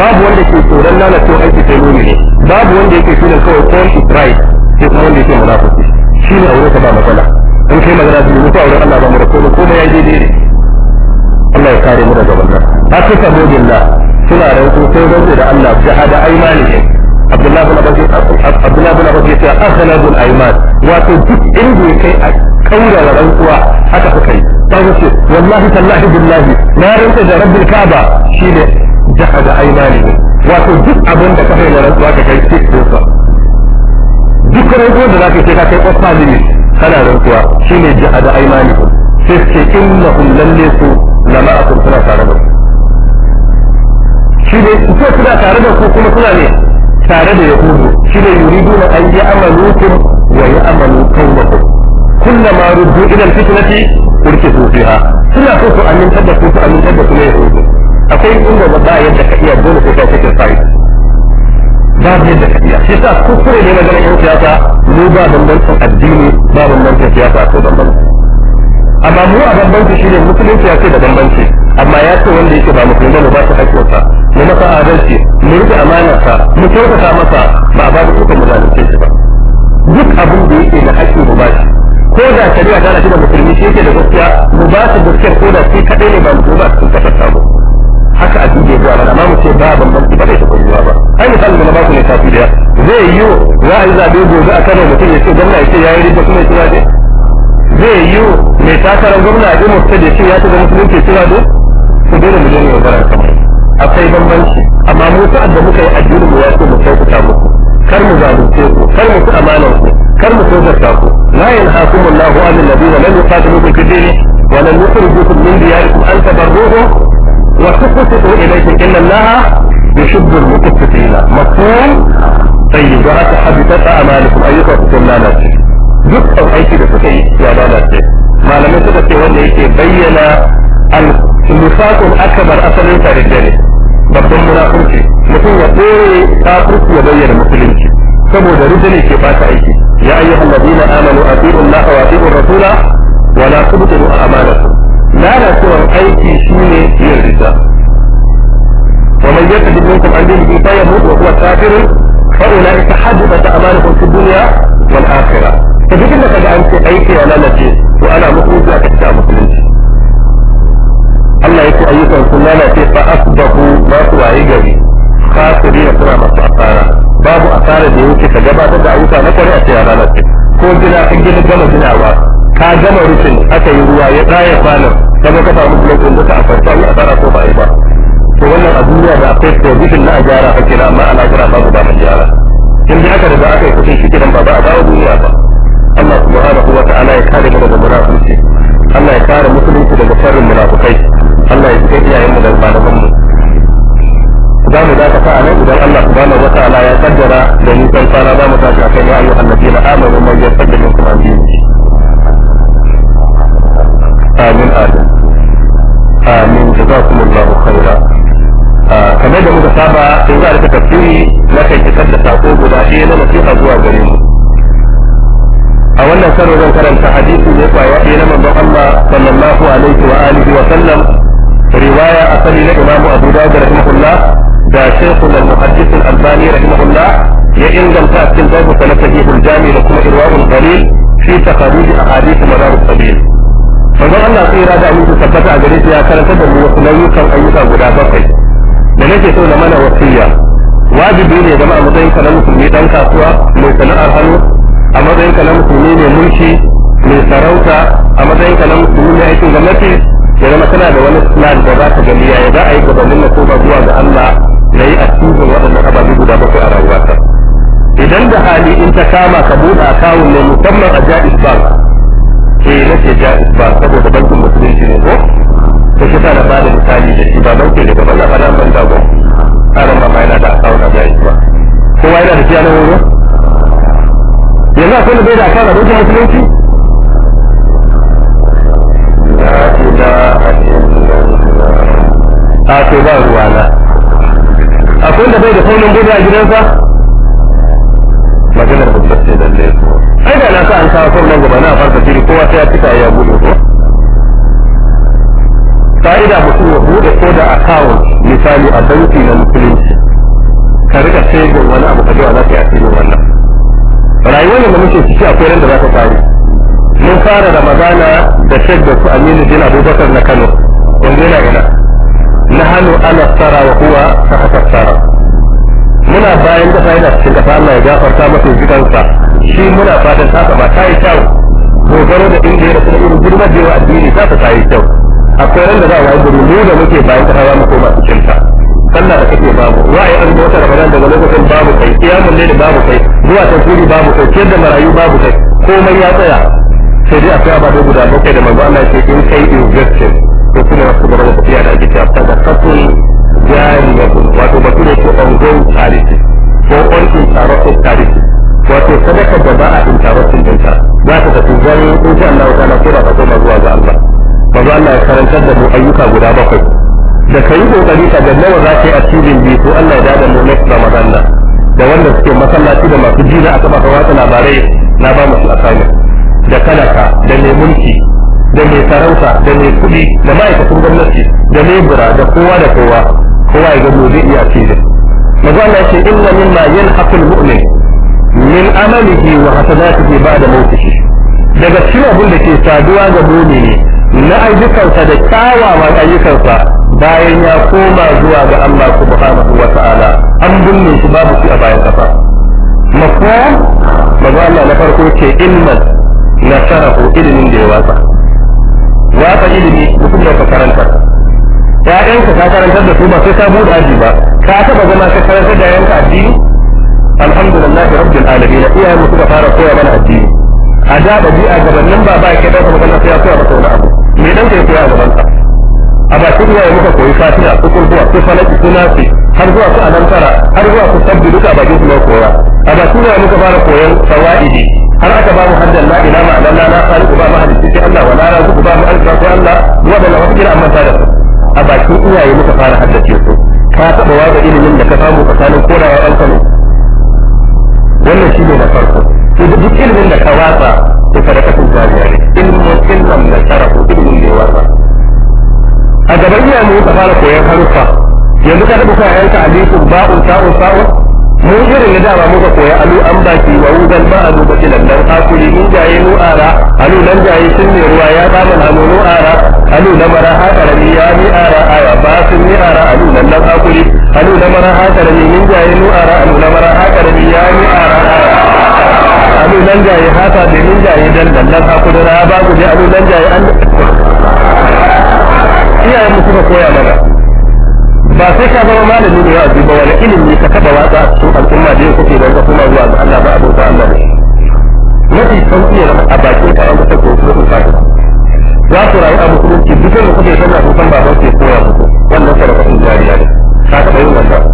babu wanda ke tsoron lalacewa aiki sai ne. babu wanda yake shi kawai all is right sai kuma wanda yake munafiki shi ne aure ka ba matsala in kai magana da mutu auren Allah ba mu da komai komai ya daidai ne Allah ya kare mu daga wannan haka saboda Allah suna rantsu sai rantsu da Allah jahada aimanihim Abdullah bin Abbas Abdullah bin Abbas yace aghlabul aiman wato duk inda kai a kaura rantsuwa haka suka yi sai yace wallahi tallahi billahi na rantsu da rabbil kaaba shine jahada aimanihim wato duk abin da ka fara rantsuwa ka kai cikin sa duk rantsuwa da zaka ce ka kai kofa ne kana rantsuwa shine jahada aimanihim sai ce innahum lalle su lama'akum suna tare da shi ne kuke suna tare da ku kuma suna ne tare da yahudu shi ne yuriduna an yi kun wa yi amalu kawmakum kullama ruddu ila su fi ha suna so su amintar da ku su amintar da su ne yahudu akwai inda ba ba yadda ka iya dole ko kai kake sai ba yadda ka iya shi sa kuskure ne na ganin yan siyasa mu ba bambancin addini ba bambancin siyasa ko bambancin amma mu a bambanci shine musulunci ya ce da bambanci amma ya ce wanda yake ba musulmi ba ba ta hakkinsa mu masa adalci mu rike amanarsa mu kyautata masa ba ba da kuka mu shi ba duk abin da yake da hakki mu ba shi ko da shari'a ta da musulmi shi yake da gaskiya mu ba shi gaskiyar ko da shi kaɗai ne ba musulmi ba su kasar samu haka a duniya zuwa mana amma mu ce ba bambanci ba da shi kwanciya ba ai misali da na ba ku ne tafiya zai yi wa za a yi zabe gobe a kano mutum ya ce gwamna ya ce ya yi riba kuma ya ce zai yi mai takarar gwamna a jimar ta da shi ya shiga musulunci suna da su dole mu jini yaudara kamar akwai bambanci amma mu sa'ad da muka yi addinin mu ya ce mu kyautata muku kar mu zalunce ku kar mu ci amanar ku kar mu tozarta ku la yanhaakum Allahu 'anil ladina lam yuqatilukum fid din wa lam yukhrijukum min diyarikum an tabarruhum wa tuqsitu ilaykum inna Allaha yuhibbu al-muqsitina mafhum tayyib wa haka habitat a'malukum ayyuha al-ladina dukkan aiki da suka yi ya lalace malamai suka ce wanda yake bayyana al-nifaqul akbar asalin tarihi ne babban munafurci mutum ya tsere kafirci ya bayyana musulunci saboda rijini ke bata aiki ya na ladina a atiiu Allah wa atiiu rasula wa la tubtilu a'malakum lalacewar aiki shine yin kuma an rida ومن يرتد منكم عن دينه فيموت وهو كافر فاولئك حبطت اعمالهم في الدنيا والاخره ta duk da kaga an ce aiki ya lalace to ana mutunci aka ta musulunci Allah ya ce ayyukan sun lalace fa asbahu ma su waye gari khasiri da suna masu asara babu asara da yake ka gabatar da ayyuka na kwari a ce ya lalace ko gida ka gina gama ginawa ka gama rufin aka yi ruwa ya tsaya kwanan kamar ka samu lokacin da ka afarta ya asara ko ba yi ba to wannan a duniya da akwai provision na a gyara a kira amma ana kira babu damar gyara in dai aka riga aka yi kusan shi kiran ba ba a dawo duniya ba Allah subhanahu wa ta'ala ya kare mu daga munafiki Allah ya kare musulunci daga sharrin munafikai Allah ya tsare iyayen mu da malaman mu za mu zaka sa nan idan Allah subhanahu wa ta'ala ya kaddara da ni san fara za mu akan ya ayyuhan nabiyina amanu man yasaddu minkum an amin amin amin jazakumullahu khaira ah, kamar da muka saba in za a rika tafsiri na kai kisar da sako guda ɗaya na nasiha zuwa gare mu أولا سنة ذكرًا فحديث يقع يقين من الله صلى الله عليه وآله وسلم رواية أصلي لإمام أبو داود رحمه الله دا شيخ المحدث الألباني رحمه الله يئن لم تأتي الباب فلتجيه الجامع لكم إرواه القليل في تخريج أحاديث مدار السبيل فقال الله في إرادة أن تثبت أجريت يا كرم تدعو وكل يوكم أيها غدا بقي من يجي تقول لمن وصية واجبين يا جماعة مدين كلامكم ميدان كاسوا من سنة أرهنو a matsayin ka na musulmi mai mulki mai sarauta a matsayin ka na musulmi mai aikin gwamnati ya zama kana da wani plan da za ka gani yaya za a yi gabanin na ba zuwa ga Allah na yi asibin waɗannan ababe guda bakwai a ta. idan da hali in ta kama ka buɗe akawun ne musamman a ba ke eh nake jaiz ba saboda bankin musulunci ne ko ko shi ta da ba da misali da shi ba ke da gaban na faɗa ban dago tsarin ba ma yana da kawun a jaiz bank kowa yana da shi a nan yanzu akwai da bai da akan rabon musulunci a ce ba ruwa na akwai da bai da saunin gudu a gidansa maganar mutum lalle ko ai da na sa an kawo saunin gaba na farka jiri kowa sai ya cika ya gudu ko ka'ida mutum ya bude ko da akawun misali a banki na musulunci ka rika sai wani abu ka ji wa za ka yi asirin wannan rayuwar da muke ciki akwai ran da za ta faru mun fara da magana da shek da su aminu jina abubakar na kano wanda yana ina na hannu ana tsara wa kuwa ta haka tsara muna bayan da yana cikin kasa Allah ya gafarta masa jikansa shi muna fatan ta sama ta yi kyau dogaro da inda ya rasu da irin girma jewa addini ta ta yi kyau akwai ran da za a yi gudu mu da muke bayan ta hawa mu koma cikin ta sallah da kake babu za a yi azumi wata ramadan daga lokacin babu kai kiyamun ne da babu kai zuwa turi babu kai ciyar da marayu babu kai komai ya tsaya sai dai a ba ababe guda bakwai da manzo Allah ya ce in kai investing to kuma wasu gaba da a da ake jari sadaqatun jariyatun wato batu ne ko ongoing tarihi ko on ko tarihi wato sadaka da ba a interrupted danta za ka tafi zan in ji Allah ta na kira ka koma zuwa ga Allah manzo Allah ya karantar da mu ayyuka guda bakwai da kai kokari ka ga nawa za ka yi a cibin biyu ko Allah ya dada mu next Ramadan nan da wanda suke masallaci da masu ji da a baka watsa labarai na ba musu kano. da talaka da mai mulki da mai sarauta da mai kuɗi da ma'aikatan gwamnati da lebura da kowa da kowa kowa ya ga mu zai iya cibin maza Allah ce inna mimma yanhaqul mu'min min amalihi wa hasanatihi ba'da mawtihi daga cikin abin da ke saduwa ga ne na ayyukansa da kyawawan ayyukansa bayan ya koma zuwa ga Allah subhanahu wa ta'ala an binne su babu shi a bayan kafa mafa maza Allah na farko ce ilman na sharafu ilimin da ya wasa wasa ilimi mutum da ka karanta ƴaƴanka ka karantar da su ba sai ka buɗe aji ba ka taɓa zama ka karantar da yanka addini alhamdulillah rabbil alamin iyayen mu suka fara koya mana addini a da ba a gabanin ba ba ya kai ɗaukar magana sai ya koya masa wani abu me dan ka ya koya gaban sa a bakin yi muka koyi fatiha su kurkuwa su falaki su nasi har zuwa su alantara har zuwa ko sabbi duka a bakin su koya a bakin yi muka fara koyan fawa'idi har aka ba mu haddan la ilaha allah la khaliqu ba mahdici sai Allah wa la raziqu ba alka ko Allah da wata kira amma ta da su a bakin iyaye muka fara haddace su ka ba waga ilimin da ka samu tsakanin kodawa an kano wannan shi ne na farko to duk ilimin da ka watsa to sadakatun jariya ne ilmin ilmin da sharafu ilmin ya watsa a gaban iyayen ka fara koyan harufa yanzu ka taɓa koyan ka alifu ba'u sa'un sa'un mun irin da dama muka koya alu an baki wa wugan ba alu ba baki lallan hakuri mun jaye nu ara alu nan jaye sun ne ruwa ya bani hannu nu ara alu na mara hakara ni ya ni ara aya ba sun ni ara alu nan nan hakuri alu na mara hakara ni min jaye nu ara alu na mara hakara ni ya ni ara alu nan jaye hata da min jaye dan dan hakuri na ba ku je alu nan jaye an iyayen mu suka koya mana ba sai ka zama malami ne ya aji ba wani ilimi ka taba watsa a cikin al'umma da ya kuke don ka kuma zuwa ga Allah ba abota Allah ne mafi sauƙi ya zama a bakin ka an ka sako kuma kun fata za su rayu a musulunci duk da kuke san na san baban ke koya muku wannan sadakatun jariya ne ka taɓa yin wannan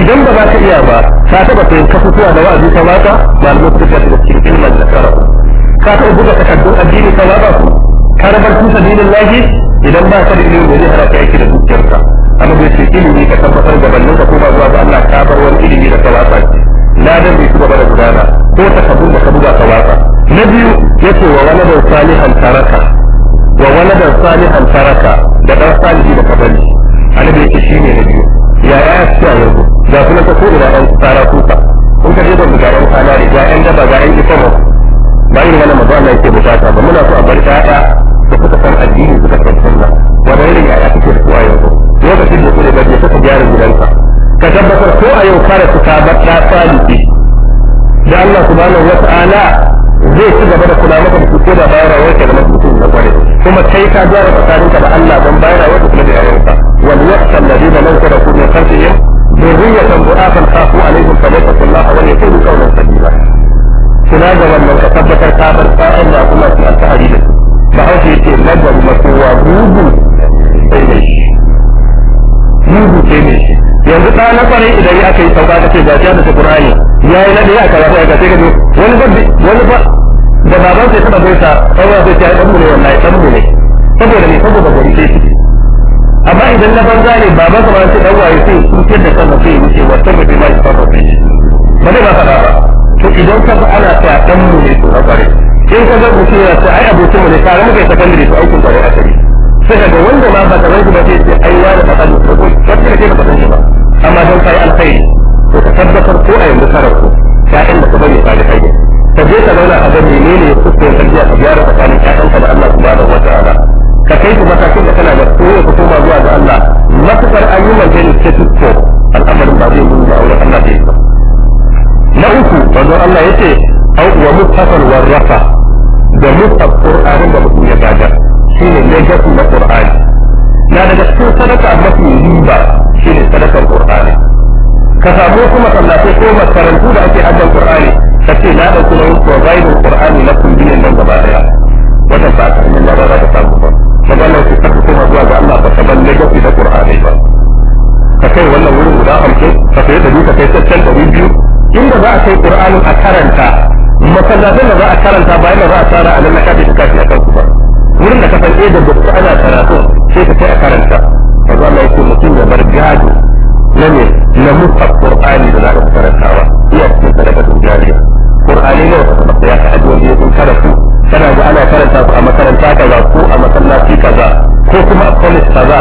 idan ba za ka iya ba ka taɓa sayan kasusuwa da wa'azi ka watsa malamai suka da cikin ilmin da ka rabu ka taɓa buga takardun addini ka watsa ku. ka rabar su sabilin lahi idan ba ka da ilimi ba zai hana ka aiki da dukiyarka amma bai ce ilimi ka tabbatar da bannin ka ba zuwa ga Allah ka bar wani ilimi da ka wasa shi ladan bai kuma bara gudana ko ta takabbun da ka buga ka wasa na biyu yace wa wani da salihan taraka wa wani da salihan taraka da dan salihi da kabari annabi yake shine na biyu ya ya ci a yanzu ga kuma ta ko da dan tsara kuka kun ka je da bugaran kana da ga yan daba ga yan isa ba irin wannan magana yake bukata ba muna so a bar ta da suka san addini suka wani irin yaya kake da kowa yanzu lokacin da kuma gaje ka gyara ka tabbatar ko a yau kare su ta bar ta da Allah subhanahu wa ta'ala zai ci gaba da kula maka da ko da bayan rayuwar ka da mutum na kware kuma kai ka gyara tsakaninka da Allah don ka kuma da yayanka wal law taraku min yanzu ta na kwarai idan ya aka yi sauka ta ce ga shi ta qur'ani yayi na da a aka wata ga sai wani ba wani ba da baban sai taba bai ta sauka sai ta yi ɗan ne wallahi ya ɗan ne saboda ne saboda gari sai amma idan na banza ne baban sa ba sai ɗan waye sai sun ce da kansa sai wuce wata bai ma ta ba sai ba ne ba ka ba to idan ka ana ta ɗan mu su na kwarai in ka ga mutum ya ta ai abokin mu ne tare muka yi sakandare su aikin kwarai a sai daga wanda ma ba ka ta ba ce ai ta ba ta ta ba ta ka ce ba ta ta ba amma don kai alkhairi to ka tabbatar ko a yanzu karar ku ƴaƴan da ka bari salihai ne ka je ka zauna a ga menene ya kusa ya tarbiya ka gyara tsakanin ƴaƴanka da Allah subhanahu wataala ka kai ku matakin da kana da koyo ka koma zuwa ga Allah matukar ayyukan da ne ke tutto al'amarin ba zai yi da auren Allah da na uku wanda Allah yace wa mutafal warrafa da mutaf qur'anin da mutum ya gada shine legacy na qur'ani na daga cikin sadaka mafi riba shi ne sadakar qur'ani ka samu kuma sallatai ko makarantu da ake addan qur'ani ka ce na dauki nauyin providing qur'ani na kundiyan nan gaba daya wannan ba ta nan ba ta samu ba daga nan ku tafi kuma zuwa ga Allah ba ta balle gafi da qur'ani ba ka kai wannan wurin guda hamsin ka kai da duka kai tattal ɗari biyu inda za a kai qur'anin a karanta masallatan da za a karanta bayan da za a tsara a nan na kafi kafi a kan ku ba wurin da ka san eh da ana karatu sai ka kai a karanta kaza Allah yake mutum ya bar gado na ne na musa qur'ani da za ka karantawa iya cikin sadakatul jariya qur'ani ne da ka ya ka ajiye wanda ya kun karatu kana da ana karanta su a makaranta kaza ko a masallaci kaza ko kuma a college kaza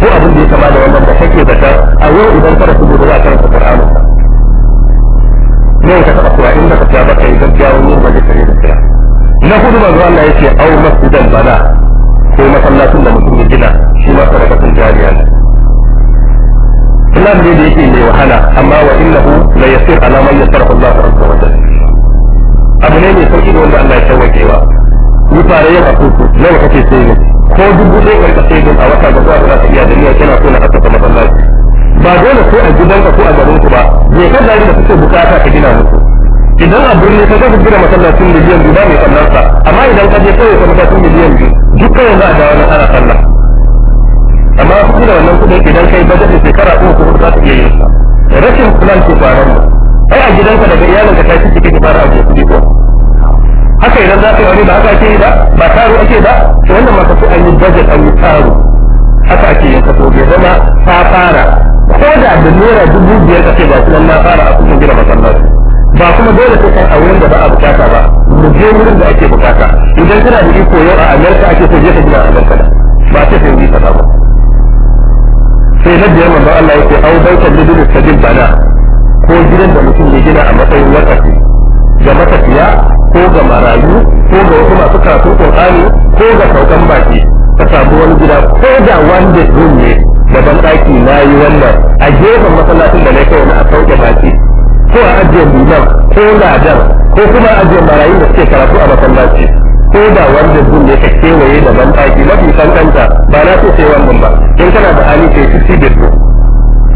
ko abin da ya kama da wannan da kake zata a yau idan ka rasu gobe za ka karanta qur'ani ne ka taba kuwa inda ka ta baka idan jawo ne ba zai kare da kira na hudu manzo Allah yake au masjidan bana ko masallacin da mutum ya gina shi ma sarakatun jariya ne islam ne da yake mai wahala amma wa hu la yasir ala man yasarahu Allah azza wa jalla abu ne mai da wanda Allah ya tawakewa ni fara yin akutu nawa kake sai ne ko dubu ɗaya karka sai a wata ga zuwa za ka iya da niyyar kana so na asaka masallaci ba dole ko a gidanka ko a garin ku ba je ka gari da kuke bukata ka gina muku. idan a birni ka zaka gina masallacin miliyan biyu ba mai sallar sa amma idan ka je kawai ka masallacin miliyan biyu duk kawai za a dawo na ana sallah amma su da wannan kuɗin idan kai bajetin shekara uku ko za ta iya yin sa rashin plan ke faruwa ai a gidanka daga iyalinka ta ci cikin fara a kuɗi ko haka idan za ka yi wani ba haka ake yi ba ba taro ake ba to wannan ma fi an yi budget an yi taro haka ake yin ka to bai zama ta fara ko da da naira dubu biyar ka ce ba kuma na fara a kuma gina masallaci ba kuma dole sai kai a wurin da ba a bukata ba mu je wurin da ake bukata idan kana da iko yau a Amerika ake so je ka gina a Amerika ba ce sai yi kaza ba sai na biyar manzon Allah yake au baitan lidin sabil bana ko gidan da mutum ya gina a matsayin wakafi ga matafiya ko ga marayu ko ga wasu masu karatun Qur'ani ko ga saukan baki ta samu wani gida ko da wanda zuwa ne da ban daki na yi wannan a gefen masallacin da na kai wani a sauke baki ko a ajiye liman ko ladan ko kuma a ajiye marayun da suke karatu a masallaci ko da wanda gun da ka kewaye da banɗaki mafi kankanta ba na so sai wannan ba in kana da hali sai su si birni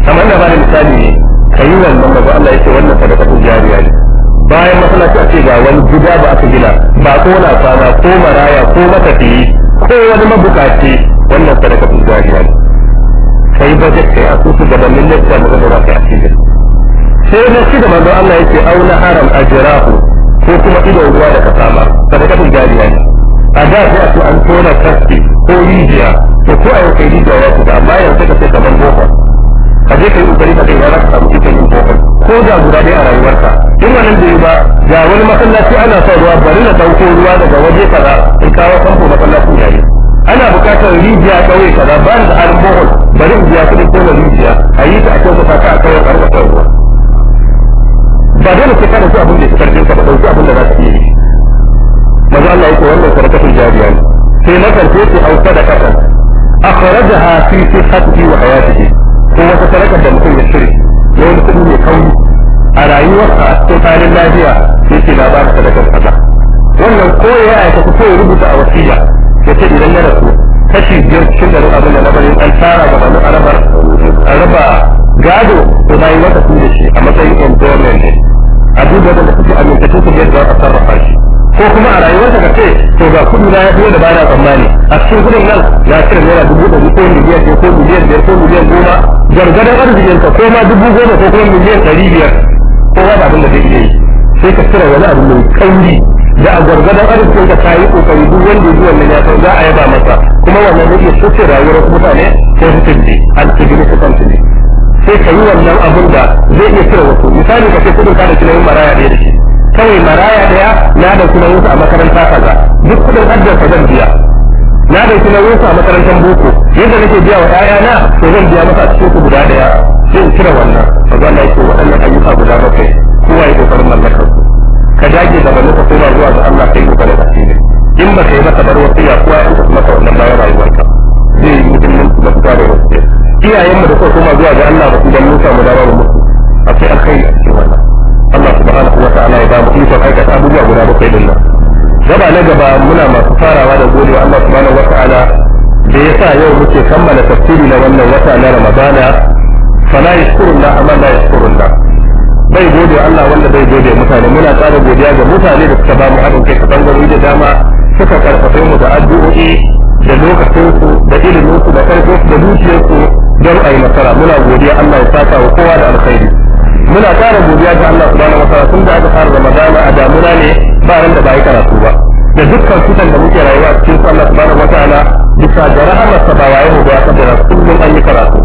amma ina bada misali ne ka yi wannan ba Allah ya ce wannan sadakatun jariya ne bayan masallaci a ce ga wani gida ba aka gina ba ko na kwana ko maraya ko matafiyi ko wani mabukaci wannan sadakatun jariya ne kai bajet kai a kusa gabanin lafiya magana da a cikin sai na shi da manzo Allah yake au na a ajrahu ko kuma idan ruwa da kasama sadaqatul jariya ne a da sai a ce an tona kaski ko rijiya to ko a yanka rijiya ya fita amma yanzu ka sai kamar boko ka je ka yi kokari ka kai za ka samu ita yin boko. ko da guda dai a rayuwarka in wannan da yi ba ga wani masallaci ana sa ruwa bari na dauko ruwa daga waje kaza in kawo famfo masallacin yayi ana bukatar rijiya kauye kaza ba da albohol bari in biya kuɗin na rijiya a yi ta a kyautata ka a kawai karɓar ruwa ba dole sai ka dauki abin da ya karfin ka ba dauki abin da za su yi maza Allah yake wannan sadaqatul jariya ne sai na karfe ce au sadaqatan akhrajaha fi sihhatihi wa hayatihi ko wata sadaqar da mutum ya shirye yayin mutum ne kauni a rayuwarsa a cikin halin lafiya sai ce na ba ka sadaqar kaza wannan ko ya aikata ko ya rubuta a wasiya ya ce idan na rasu kashi biyar cikin garin abin da na bari an tara gaba na arabar a raba gado to na yi mata su da shi a matsayin employment a duba da suke amintattu su yadda a sarrafa shi ko kuma a rayuwarsa ka ce to ga kudi na yafi da bana tsammani a cikin kudin nan na cire naira dubu ɗari ko miliyan ɗaya ko miliyan biyar ko miliyan goma gargadar ka ko ma dubu goma ko kuma miliyan ɗari biyar kowa ba abin da zai iya yi sai ka cire wani abu mai kauri da a gargadar arzikin ka kayi kokari duk wanda ya wannan ya san za a yaba masa kuma wannan zai iya soke rayuwar mutane sai su tilde al-tijri su kan tilde sai ka yi wannan abun da zai iya cire wasu misali ka ce kudin ka da tunanin maraya ɗaya da shi kawai maraya ɗaya na da kuma wasu a makaranta kaza duk kudin ka zan biya na da kuma wasu a makarantar boko yadda nake biya wa na to zan biya masa a cikin ku guda ɗaya sai in cire wannan ka ga na yake waɗannan ayyuka guda bakwai kowa ya kokarin mallakar su ka dage da bane ka koma zuwa ga Allah kai kokarin asiri in ba ka yi masa bar wasiya kowa ya masa wannan bayan rayuwarka zai yi mutum ba ku da wasiya iyayenmu da suka koma zuwa ga Allah ba su dan mun mu dama ba musu akwai alkhairi a cikin wannan Allah subhanahu wa ta'ala ya ba mu ikon aikata abubuwa guda ba kai nan gaba na gaba muna masu farawa da godewa Allah subhanahu wa ta'ala da ya sa yau muke kammala tafsiri na wannan wata na Ramadana fala yashkurullah amma la yashkurullah bai gode Allah wanda bai gode mutane muna tsara godiya ga mutane da suka ba mu haɗin kai ta bangarori da dama suka karfafe mu da addu'o'i da lokacinsu da ilimin su da karfin da dukiyar don a yi nasara muna godiya Allah ya saka wa kowa da alkhairi muna ƙara godiya ga Allah subhanahu wataala tun da aka fara Ramadana a damuna ne ba ran da ba yi karatu ba da dukkan kusan da muke rayuwa cikin Allah subhanahu wataala bisa da rahama sa ba mu ba ya kullum an yi karatu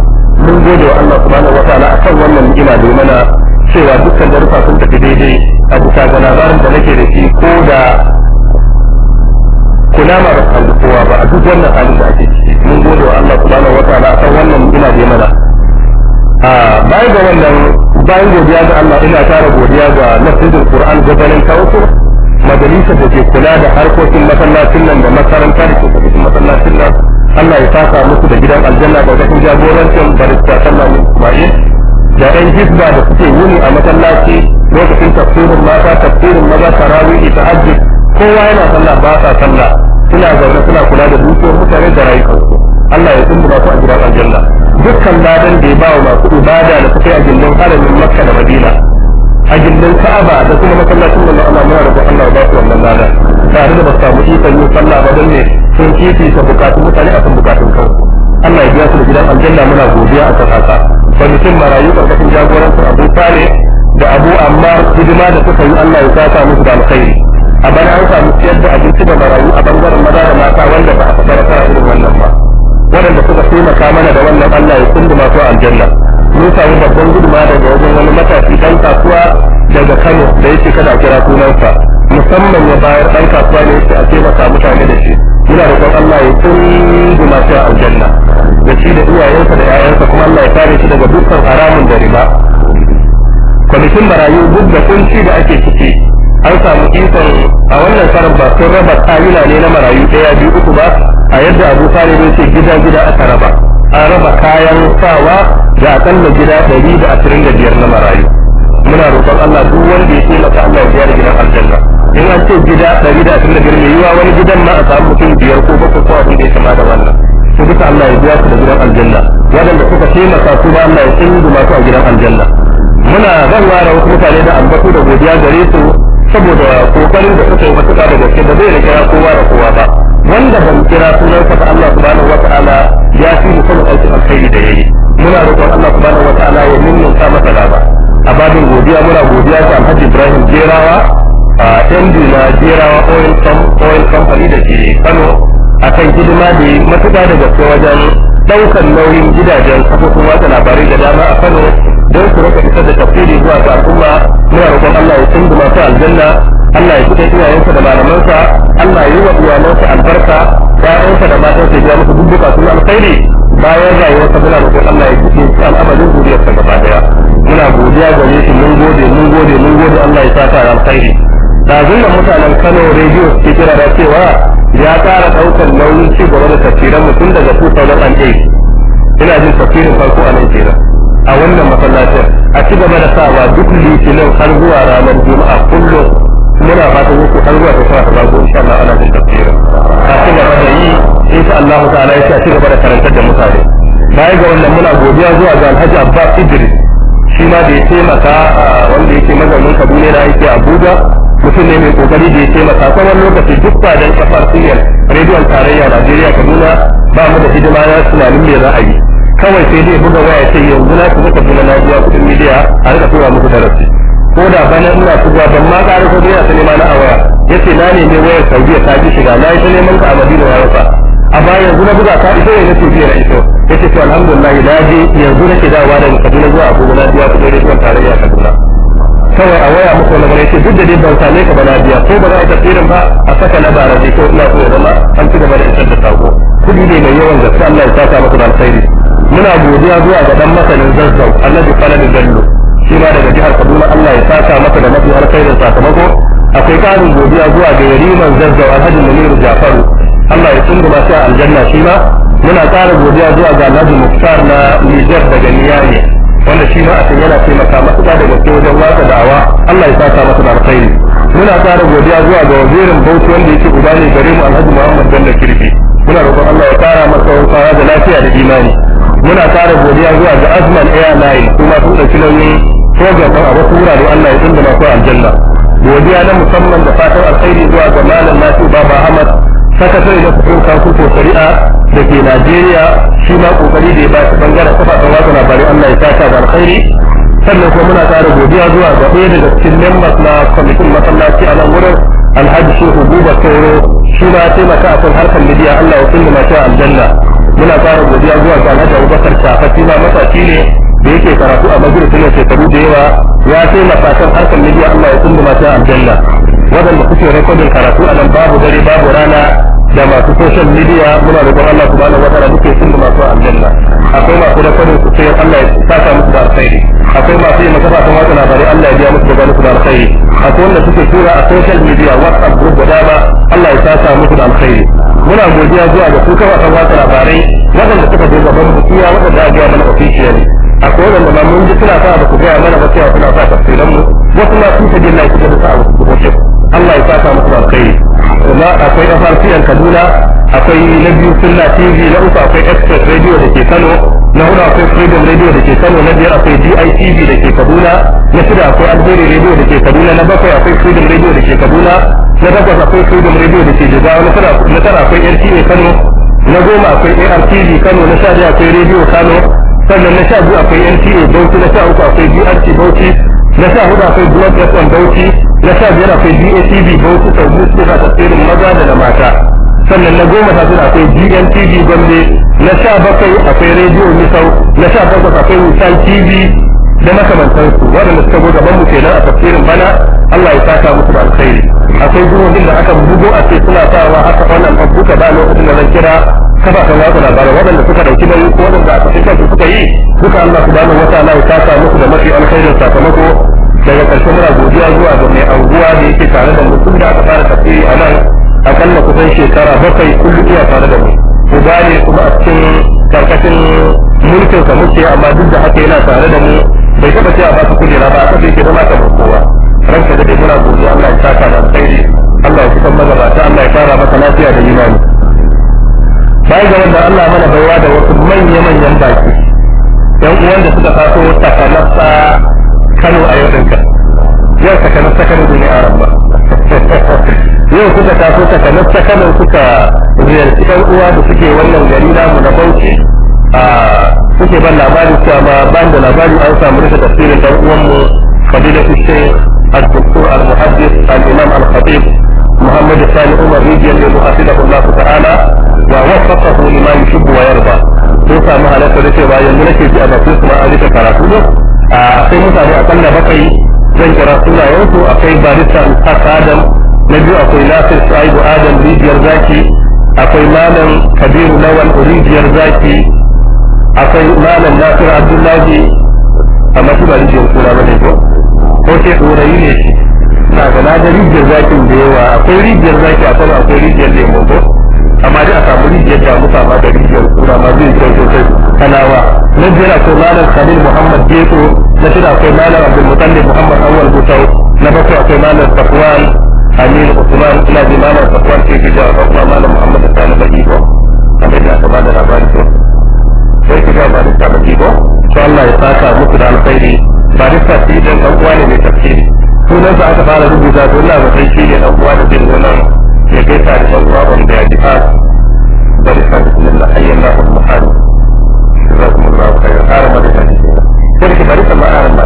mun gode wa Allah subhanahu wataala akan wannan ni'ima da mana cewa dukkan darufa sun tafi daidai a bisa ga labarin da nake da shi ko da ma ba ta kowa ba a duk wannan halin da ake ciki mun gode wa Allah subhanahu wataala akan wannan ina da mana a bayan ga wannan bayan godiya ga Allah ina tara godiya ga masjidin Qur'an gabanin Council Majalisa da ke kula da harkokin masallacin nan da makaranta da ke cikin masallacin nan Allah ya saka muku da gidan aljanna da zafin jagorancin barista sallah ne Ismail da ɗan hisba da suke wuni a masallaci lokacin tafsirin mata tafsirin maza tarawih hajji kowa yana sallah ba sa sallah suna zaune suna kula da dukiyar mutane da rayukan Allah ya tsumbura su a gidan aljanna dukkan ladan da ya ba wa masu ibada da suka yi a gindin haramin makka da madina a gindin ka'aba da kuma masallacin da Allah muna roƙon Allah ya ba su wannan ladan tare da ba samu ikon yin sallah ba don ne sun fifita bukatun mutane a kan bukatun kansu Allah ya biya su da gidan aljanna muna godiya a kan haka kwamitin marayu ƙarƙashin jagorancin Abu Saleh da Abu Ammar hidima da suka yi Allah ya saka musu da alkhairi a bana an samu siyar da abinci da marayu a bangaren maza da mata wanda ba a faɗa da fara irin wannan ba waɗanda suka taimaka mana da wannan Allah ya kundu masu aljanna mun samu babban guduma daga wajen wani matashi dan kasuwa daga Kano da yake kada kira sunansa musamman ya bayar dan kasuwa ne yake a taimaka mutane da shi muna kwan Allah ya kundu masu aljanna da shi da iyayensa da 'ya'yansa kuma Allah ya kare shi daga dukkan haramun da riba kwamitin marayu duk da kunci da ake ciki an samu ikon a wannan karan ba sun raba kayuna ne na marayu ɗaya biyu uku ba a yadda abu fari ne ce gida gida aka raba A raba kayan sawa da akalla gida ɗari da ashirin da biyar na marayu muna roƙon Allah duk wanda ya ce mata Allah ya da gidan aljanna in an ce gida ɗari da ashirin da biyar mai yiwa wani gidan ma a samu mutum biyar ko bakwai ko abin da ya kama da wannan su duka Allah ya biya su da gidan aljanna waɗanda suka taimaka su ba Allah ya tsindu masu a gidan aljanna muna zan ware wasu mutane da ambatu da godiya gare su saboda kokarin da suka yi matuƙa da gaske ba zai rika kowa da kowa ba wanda ban kira sunan sa Allah subhanahu ta'ala ya fi mu sanin aikin alkhairi da yayi muna roƙon Allah subhanahu ta'ala ya nuna sa masa gaba a babin godiya muna godiya ga Alhaji Ibrahim Jerawa a MD na Jerawa Oil Company da ke Kano akan hidima da matuƙa da gaske wajen daukan nauyin gidajen kafofin wata labarai da dama a Kano don su rasa isar da tafsiri zuwa ga al'umma muna roƙon Allah ya tundu masu aljanna Allah ya fitar yansa da malamansa Allah ya yi wa iyalansa albarka ya'yansa da matansa ya musu duk sun alkhairi bayan sa muna roƙon Allah ya fitar da al'amarin zuriyarsa gaba daya muna godiya ga shi mun gode mun gode mun gode Allah ya sa ta alkhairi da zuwa mutanen Kano rediyo suke kira da cewa ya ƙara ɗaukar nauyin ci gaba da tafsiran mutum daga 2008 ina jin tafsirin farko a nan kenan a wannan masallacin a ci gaba da sawa duk litinin har zuwa ranar juma'a kullum muna fatan muku har zuwa ta fara babu insha Allah ana jin tafsirin a ci gaba da yi insha Allah ta'ala ya ci gaba da karantar da mutane baya ga wannan muna godiya zuwa ga Alhaji shima Idris shi ma da ya taimaka wanda yake mazaunin Kaduna da yake Abuja mutum ne mai kokari da ya taimaka kuma wani lokaci duk ba dan kafar siyar rediyon tarayya Najeriya Kaduna ba mu da hidima na tunanin me za a yi kawai sai dai buga waya ce yanzu na kuma kaduna na zuwa cikin midiya a rika tura muku darasi ko da bana ina shiga ban ma ka ko biya ta nema na a waya yace na neme wayar saudiya ta ji shiga na yi ta neman ka a madina ya rasa a baya yanzu na buga ka ita na nace biya na iso yace to alhamdulillah na je yanzu nake dawowa daga kaduna zuwa kuma na biya kudin rediyon tarayya kaduna kawai a waya muku na bare ce duk da dai ban same ka ba na biya ko ba za a ba a saka na bara ko ina so ya zama an ci gaba da isar da sako kuɗi ne mai yawan gaske Allah ya saka maka da alkhairi muna godiya zuwa ga dan masanin zazzau annabi falal gallo shi ma daga jihar kaduna allah ya saka masa da mafi alkhairin sakamako akwai karin godiya zuwa ga yariman zazzau alhaji muniru jafaru allah ya tsunduma shi a aljanna shi ma muna ƙara godiya zuwa ga alhaji muftar na nijar daga niyami wanda shi ma a can yana taimaka matuƙa da gaske wajen watsa da'awa allah ya saka masa da alkhairi muna ƙara godiya zuwa ga wazirin bauchi wanda yake uba ne gare mu alhaji muhammad bello kirfi muna roƙon allah ya ƙara masa wani da lafiya da imani muna fara godiya zuwa ga Asman Airline kuma sun ɗauki nauyin program a wasu wurare Allah ya tsinda masu aljanna godiya na musamman da fatan alkhairi zuwa ga Malam Nasu Baba Ahmad sakatare da kudin kankuto shari'a da ke Najeriya shi ma kokari da ya ba shi bangaren kafafen watsa labarai Allah ya saka da alkhairi sannan kuma muna ƙara godiya zuwa ga ɗaya daga cikin members na kwamitin masallaci a nan wurin alhaji shehu buba sauro shi ma taimaka a kan harkar midiya Allah ya kulle masu aljanna muna fara ya zuwa ga da Abubakar shafafi ma matashi ne da yake karatu a Madina tun shekaru da yawa ya taimaka kan harkar midiya Allah ya tsunduma ta aljanna waɗanda kuke rekodin karatu a nan babu dare babu rana da masu social media muna roƙon Allah subhanahu wataala duke sun da masu aljanna akwai masu rekodin su ce Allah ya saka musu da alkhairi akwai masu yin kafafen wata labarai Allah ya biya musu da gani su da alkhairi akwai wanda suke tura a social media WhatsApp group da dama Allah ya saka musu da alkhairi muna godiya zuwa ga su kafa kan wata labarai waɗanda suka je gaban bukiya waɗanda a mana officially akwai waɗanda ma mun ji suna sa ba ku gaya mana ba cewa suna sa tafsiran mu wasu ma sun tabi na kuka da sa a ku hoce Allah ya saka musu alkhairi kuma akwai FRCN Kaduna akwai na biyu Sunna TV na uku akwai Express Radio da ke Kano na hudu akwai freedom radio da ke kano na biyar akwai ditv da ke kaduna na shida akwai alheri radio da ke kaduna na bakwai akwai freedom radio da ke kaduna na takwas akwai freedom radio da ke jigawa na tara akwai rta kano na goma akwai artv kano na sha daya akwai radio kano sannan na sha biyu akwai nta bauchi na sha uku akwai brt bauchi na sha huɗu akwai blog fm bauchi na sha biyar akwai datv bauchi sau biyu suka tasirin maza da na mata sannan na goma sha suna akwai GMTV Gombe na sha bakwai akwai rediyo Misau na sha takwas akwai Misal TV da makamantansu waɗanda suka zo gaban mu a tafsirin bana Allah ya saka musu da alkhairi akwai jihohin da aka bugo a ce suna sawa aka wannan buka ba lokacin da zan kira kafafen watsa labarai waɗanda suka ɗauki nauyi ko waɗanda aka fi kansu suka yi duka Allah subhanahu wa ta'ala ya saka musu da mafi alkhairin sakamako daga ƙarshe muna godiya zuwa ga mai anguwa da yake tare da mutum da aka fara tafsiri a nan akalla kusan shekara bakwai kullum iya tare da mu uba ne kuma a cikin karkashin mulkinsa muke amma duk da haka yana tare da mu bai taɓa cewa ba su kujera ba a kafa yake zama kamar kowa ranka da dai muna godiya Allah ya saka da alkhairi Allah ya kusan magabata Allah ya fara maka lafiya da imani bayan ga wanda Allah mana baiwa da wasu manya-manyan baki yan uwan da suka taso takanasta Kano a yau ɗinka yau takanasta Kano duniya a rabba yau kuka taso ta kamar ta kanan kuka ziyarci kan uwa da suke wannan gari namu na bauchi a suke ban labarin cewa ma ban da labarin an samu rufe tafsirin ɗan uwanmu fadilatu sheikh الدكتور المحدث الامام Umar محمد الثاني عمر ريجيا حفظه الله تعالى ووفقه لما يحب ويرضى sun samu halartar cewa yanzu nake ji a bakin su ma an rika karatu ne a sai mutane akalla bakwai zan kira sunayensu akwai barista Isaac Adam na biyu akwai nasir tsaibu adam rijiyar zaki akwai malam kabiru lawan rijiyar zaki akwai malam nasir abdullahi a masu ba rijiyar kura ba ne ko ko ce tsorayi ne shi na ga na ga rijiyar zaki da yawa akwai rijiyar zaki a sama akwai rijiyar lemo ko amma dai a samu rijiyar damusa ma da rijiyar kura ma zai kyau sosai kanawa na biyar akwai malam khalil muhammad geto na shida akwai malam abdulmutallib muhammad awal butau na bakwai akwai malam safwan Aminu Usman ina ji malam Safwan ke ke jawa ba kuma malam Muhammad Sani ba iko kamar da aka labari to sai ke jawa barista ba iko to Allah ya saka muku da alkhairi barista shi dan dan uwa ne mai tafsiri sunan sa aka fara rubuta to Allah ba sai shi ne dan uwa da zai zo ya kai ta da dan uwa wanda ya ji fa barista bismillah ayyallahu al-muhari jazakumullahu khairan har ma da tafsiri sai ke barista ma'arama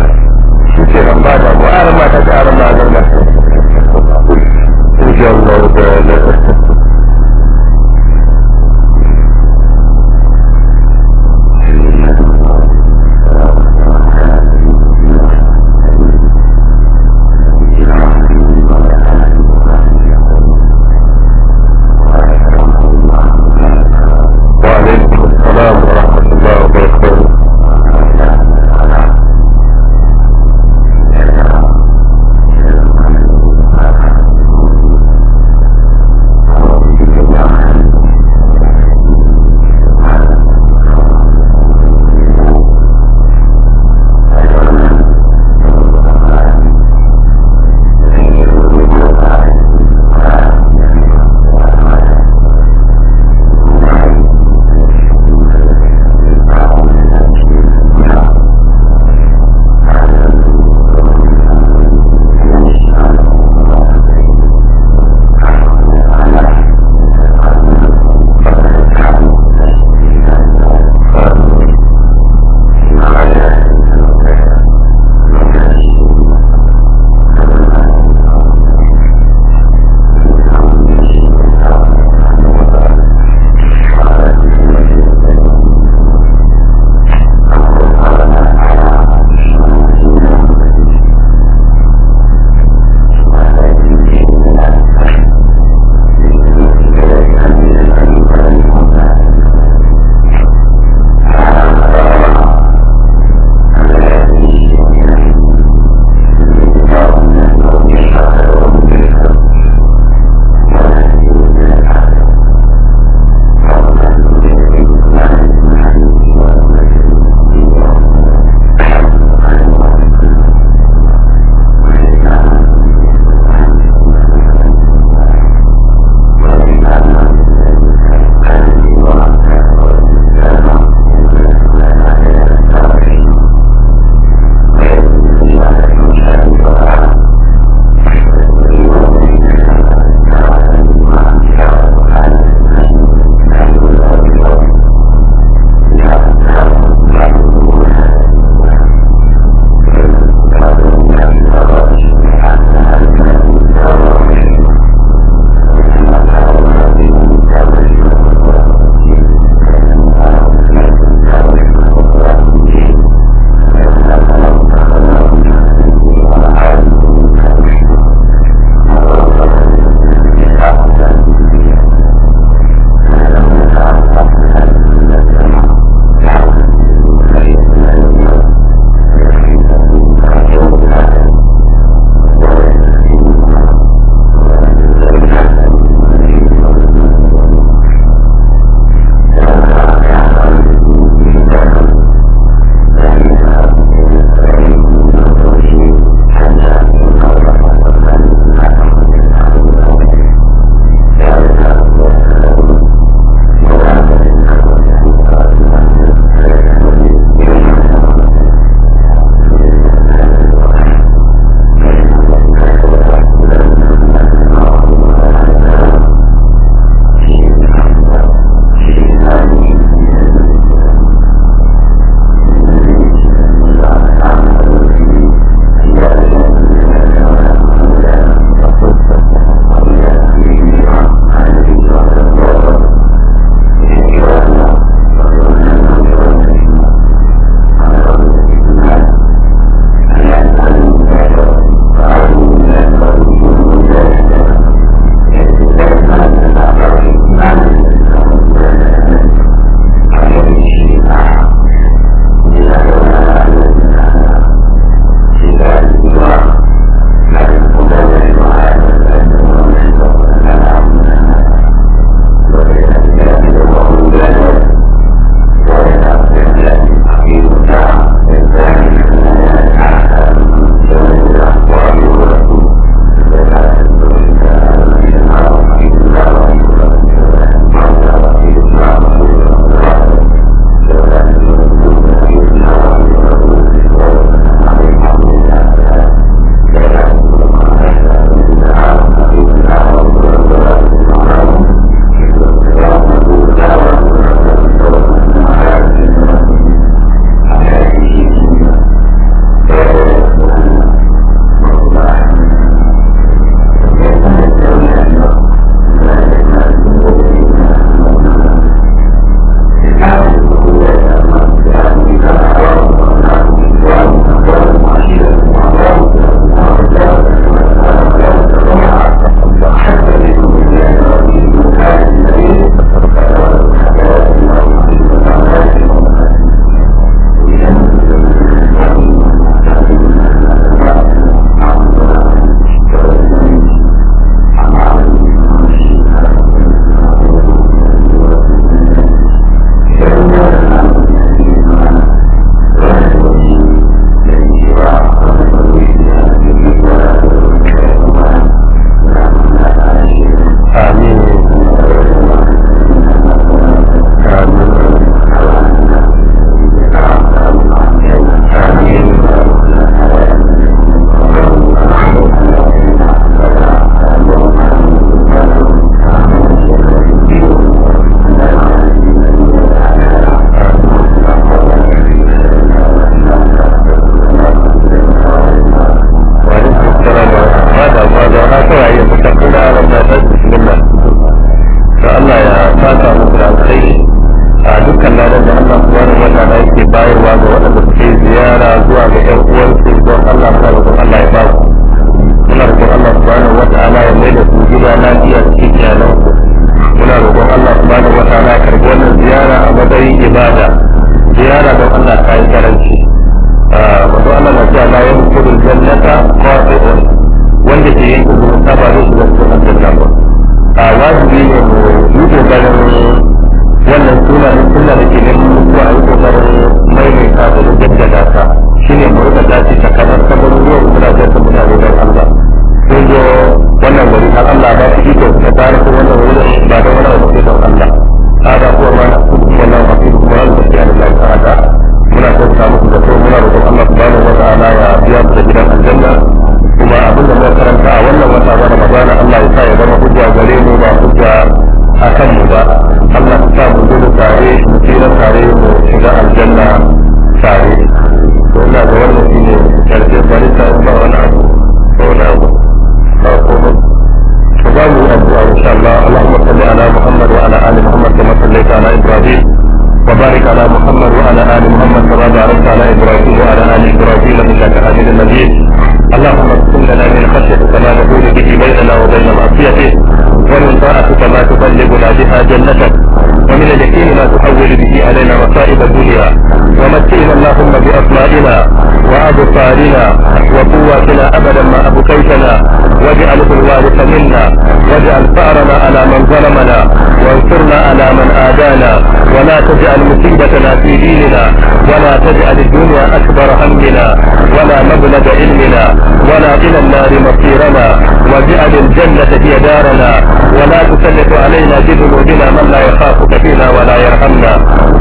همنا ولا مبلغ علمنا ولا إلى النار مصيرنا واجعل الجنة هي دارنا ولا تسلط علينا بذنوبنا من لا يخافك فينا ولا يرحمنا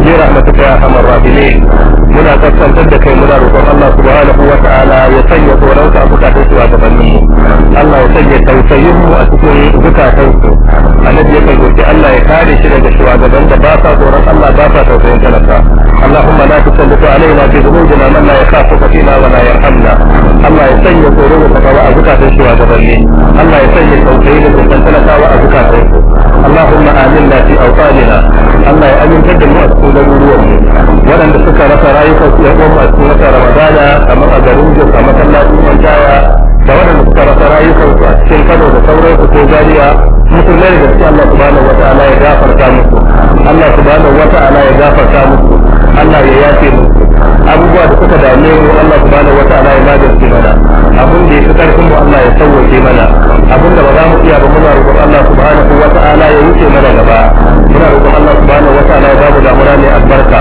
برحمتك يا أرحم الراحمين muna da kai muna roƙon Allah subhanahu wa ta'ala ya sanya tsoron ka a gabanin mu Allah ya sanya tausayin mu a cikin su annabi ya Allah ya kare shi daga da ba sa tsoron Allah ba sa tausayin talaka اللهم لا تسلط علينا بذنوبنا من لا يخافك فينا ولا يرحمنا الله يسير قلوبك وأزكاة شهداء الله يسير توحيدك وسلطنك وأزكاة اللهم آمنا في أوطاننا الله يأمن جدا وأسكن اليوم ولن تسكى لك رايك يقوم أسكنك رمضان أمر أجروجك أمر الله وانجايا da waɗanda suka rasa rayukansu a cikin kano da sauransu ko jariya musulmai da gaske Allah subhanahu wata'ala ya gafarta musu Allah subhanahu wata'ala ya gafarta musu Allah ya yafe mu abubuwa da suka dame mu Allah subhanahu wataala ya magance mana abun da yake karfin mu Allah ya sauke mana abun da ba za mu iya ba muna roƙon Allah subhanahu wataala ya wuce mana gaba muna roƙon Allah subhanahu wataala ya ba mu damuna mai albarka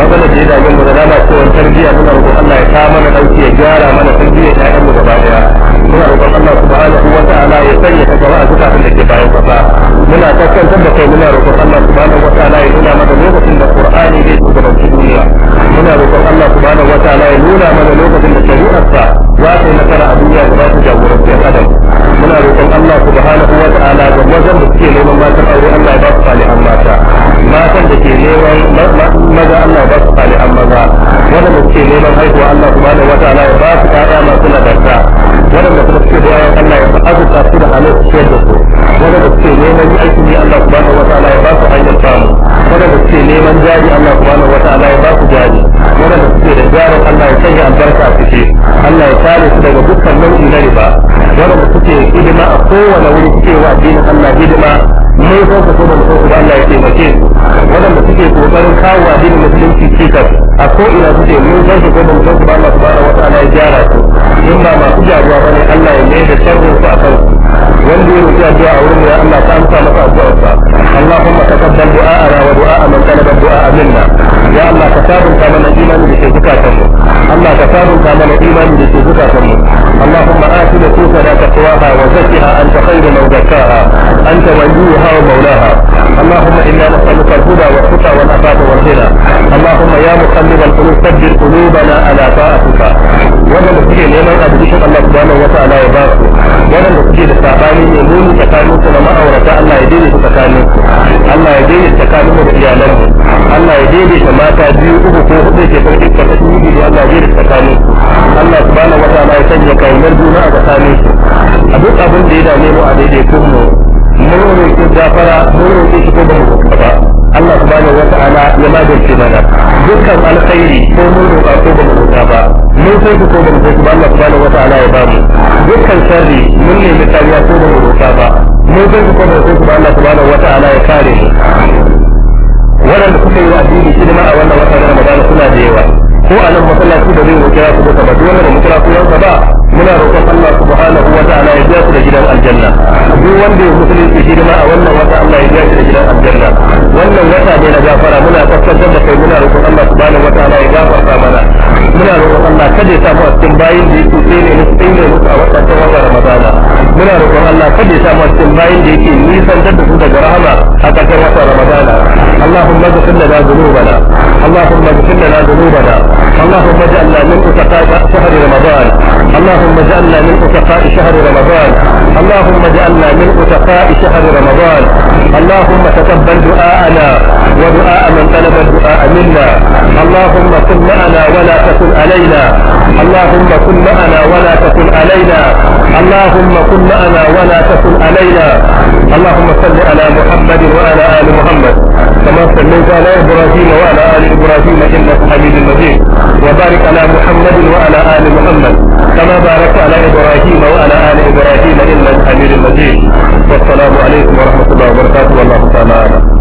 magana da ya dame mu da ko tarbiyya muna roƙon Allah ya ta mana dauki ya gyara mana tarbiyyar ƴaƴanmu gaba daya muna roƙon Allah subhanahu wa ta'ala ya sanya ta gaba a zukatan da ke bayan kasa muna kaskantar da kai muna roƙon Allah subhanahu wa ta'ala ya nuna mana lokacin da Qur'ani zai shugabanci duniya muna roƙon Allah subhanahu wa ta'ala ya nuna mana lokacin da shari'ar shari'arsa za ta yi nasara a duniya da za ta jagoranci adam muna roƙon Allah subhanahu wa ta'ala ga mazan da suke neman matan aure Allah ya ba su salihan mata matan da ke neman maza Allah ya ba su salihan maza wanda da suke neman haihuwa Allah subhanahu wa ta'ala ya ba su ƴaƴa masu nagarta waɗanda kuma suke da yayan Allah ya azurta su da halin su da su waɗanda suke neman yi aikin yi Allah subhanahu wa ta'ala ya ba su hanyar samu waɗanda suke neman jari Allah subhanahu wa ta'ala ya ba su jari waɗanda suke da jarin Allah ya sanya albarka a ciki Allah ya kare su daga dukkan nau'i na riba waɗanda suke hidima a kowane wuri suke wa addinin Allah hidima mun san su kuma mun da Allah ya taimake su wadanda suke kokarin kawo addinin musulunci cikas a ko ina suke mun san su kuma mun su da Allah subhanahu wa ta'ala ya gyara su in ba masu jaruwa bane Allah ya mai da sharrin su a kansu wanda ya rubuta addu'a a wurin ya Allah ta amsa masa addu'arsa اللهم تقبل دعاءنا ودعاء من طلب الدعاء منا يا الله كتابك كما ايمان بشيخك الله كتابك كما ايمان بشيخك اللهم آت نفوسنا تقواها وزكها أنت خير من زكاها أنت وليها ومولاها اللهم إنا نسألك الهدى والخطى والعفاف والغنى اللهم يا مقلب القلوب سجل قلوبنا على طاعتك وجل فيه نعمة أبديك الله سبحانه وتعالى وبارك waɗanda suke da sabani ne nuni tsakanin su da ma'aurata Allah ya daidaita tsakanin su Allah ya daidaita tsakanin mu da iyalan mu Allah ya daidaita mata biyu uku ko hudu ke farkin ka tafi yi da Allah ya daidaita tsakanin su Allah subhanahu wa ta'ala ya sanya kaunar juna a tsakanin su a duk abin da ya dame mu a daidaitun mu mun roƙi gafara mun roƙi shi ko ba mu ba Allah subhanahu wata'ala ya magance mana dukkan alkhairi ko mun roƙa ko ba mu roƙa ba mun sai ko ba mu sai ba Allah subhanahu wata'ala ya bamu dukkan sharri mun nemi kariya ko ba mu roƙa ba mun sai ko ba mu sai ba Allah subhanahu wata'ala ya kare mu waɗanda kuka yi wa addini hidima a wannan wata Ramadan suna da yawa ko a nan masallaci da zai mu kira su duka ba dole da mu kira ku yansa ba muna roƙon Allah subhanahu wa ta'ala ya biya su da gidan aljanna duk wanda ya musulunci hidima a wannan wata Allah ya biya shi da gidan aljanna wannan wata ne na gafara muna kaskantar da kai muna roƙon Allah subhanahu wa ta'ala ya gafarta mana muna roƙon Allah kada ya samu a cikin bayin da yake sai ne musu sai ne musu a wata ta wata ramadana muna roƙon Allah kada ya samu a cikin bayin da yake nisantar da su daga rahama a ƙarshen wata ramadana Allahumma اغفر لنا ذنوبنا اللهم اغفر لنا ذنوبنا اللهم اجعلنا من اتقاء شهر رمضان اللهم اللهم اجعلنا من أتقاء شهر رمضان اللهم اجعلنا من أتقاء شهر رمضان اللهم تقبل دعاءنا ودعاء من طلب الدعاء منا اللهم كن معنا ولا تكن علينا اللهم كن معنا ولا تكن علينا اللهم كن معنا ولا تكن علينا اللهم صل على محمد وعلى آل محمد كما صليت على إبراهيم وعلى آل إبراهيم إنك حميد مجيد وبارك على محمد وعلى آل محمد كما باركت على ابراهيم وعلى ال ابراهيم انك حميد مجيد والسلام عليكم ورحمه الله وبركاته والله تعالى اعلم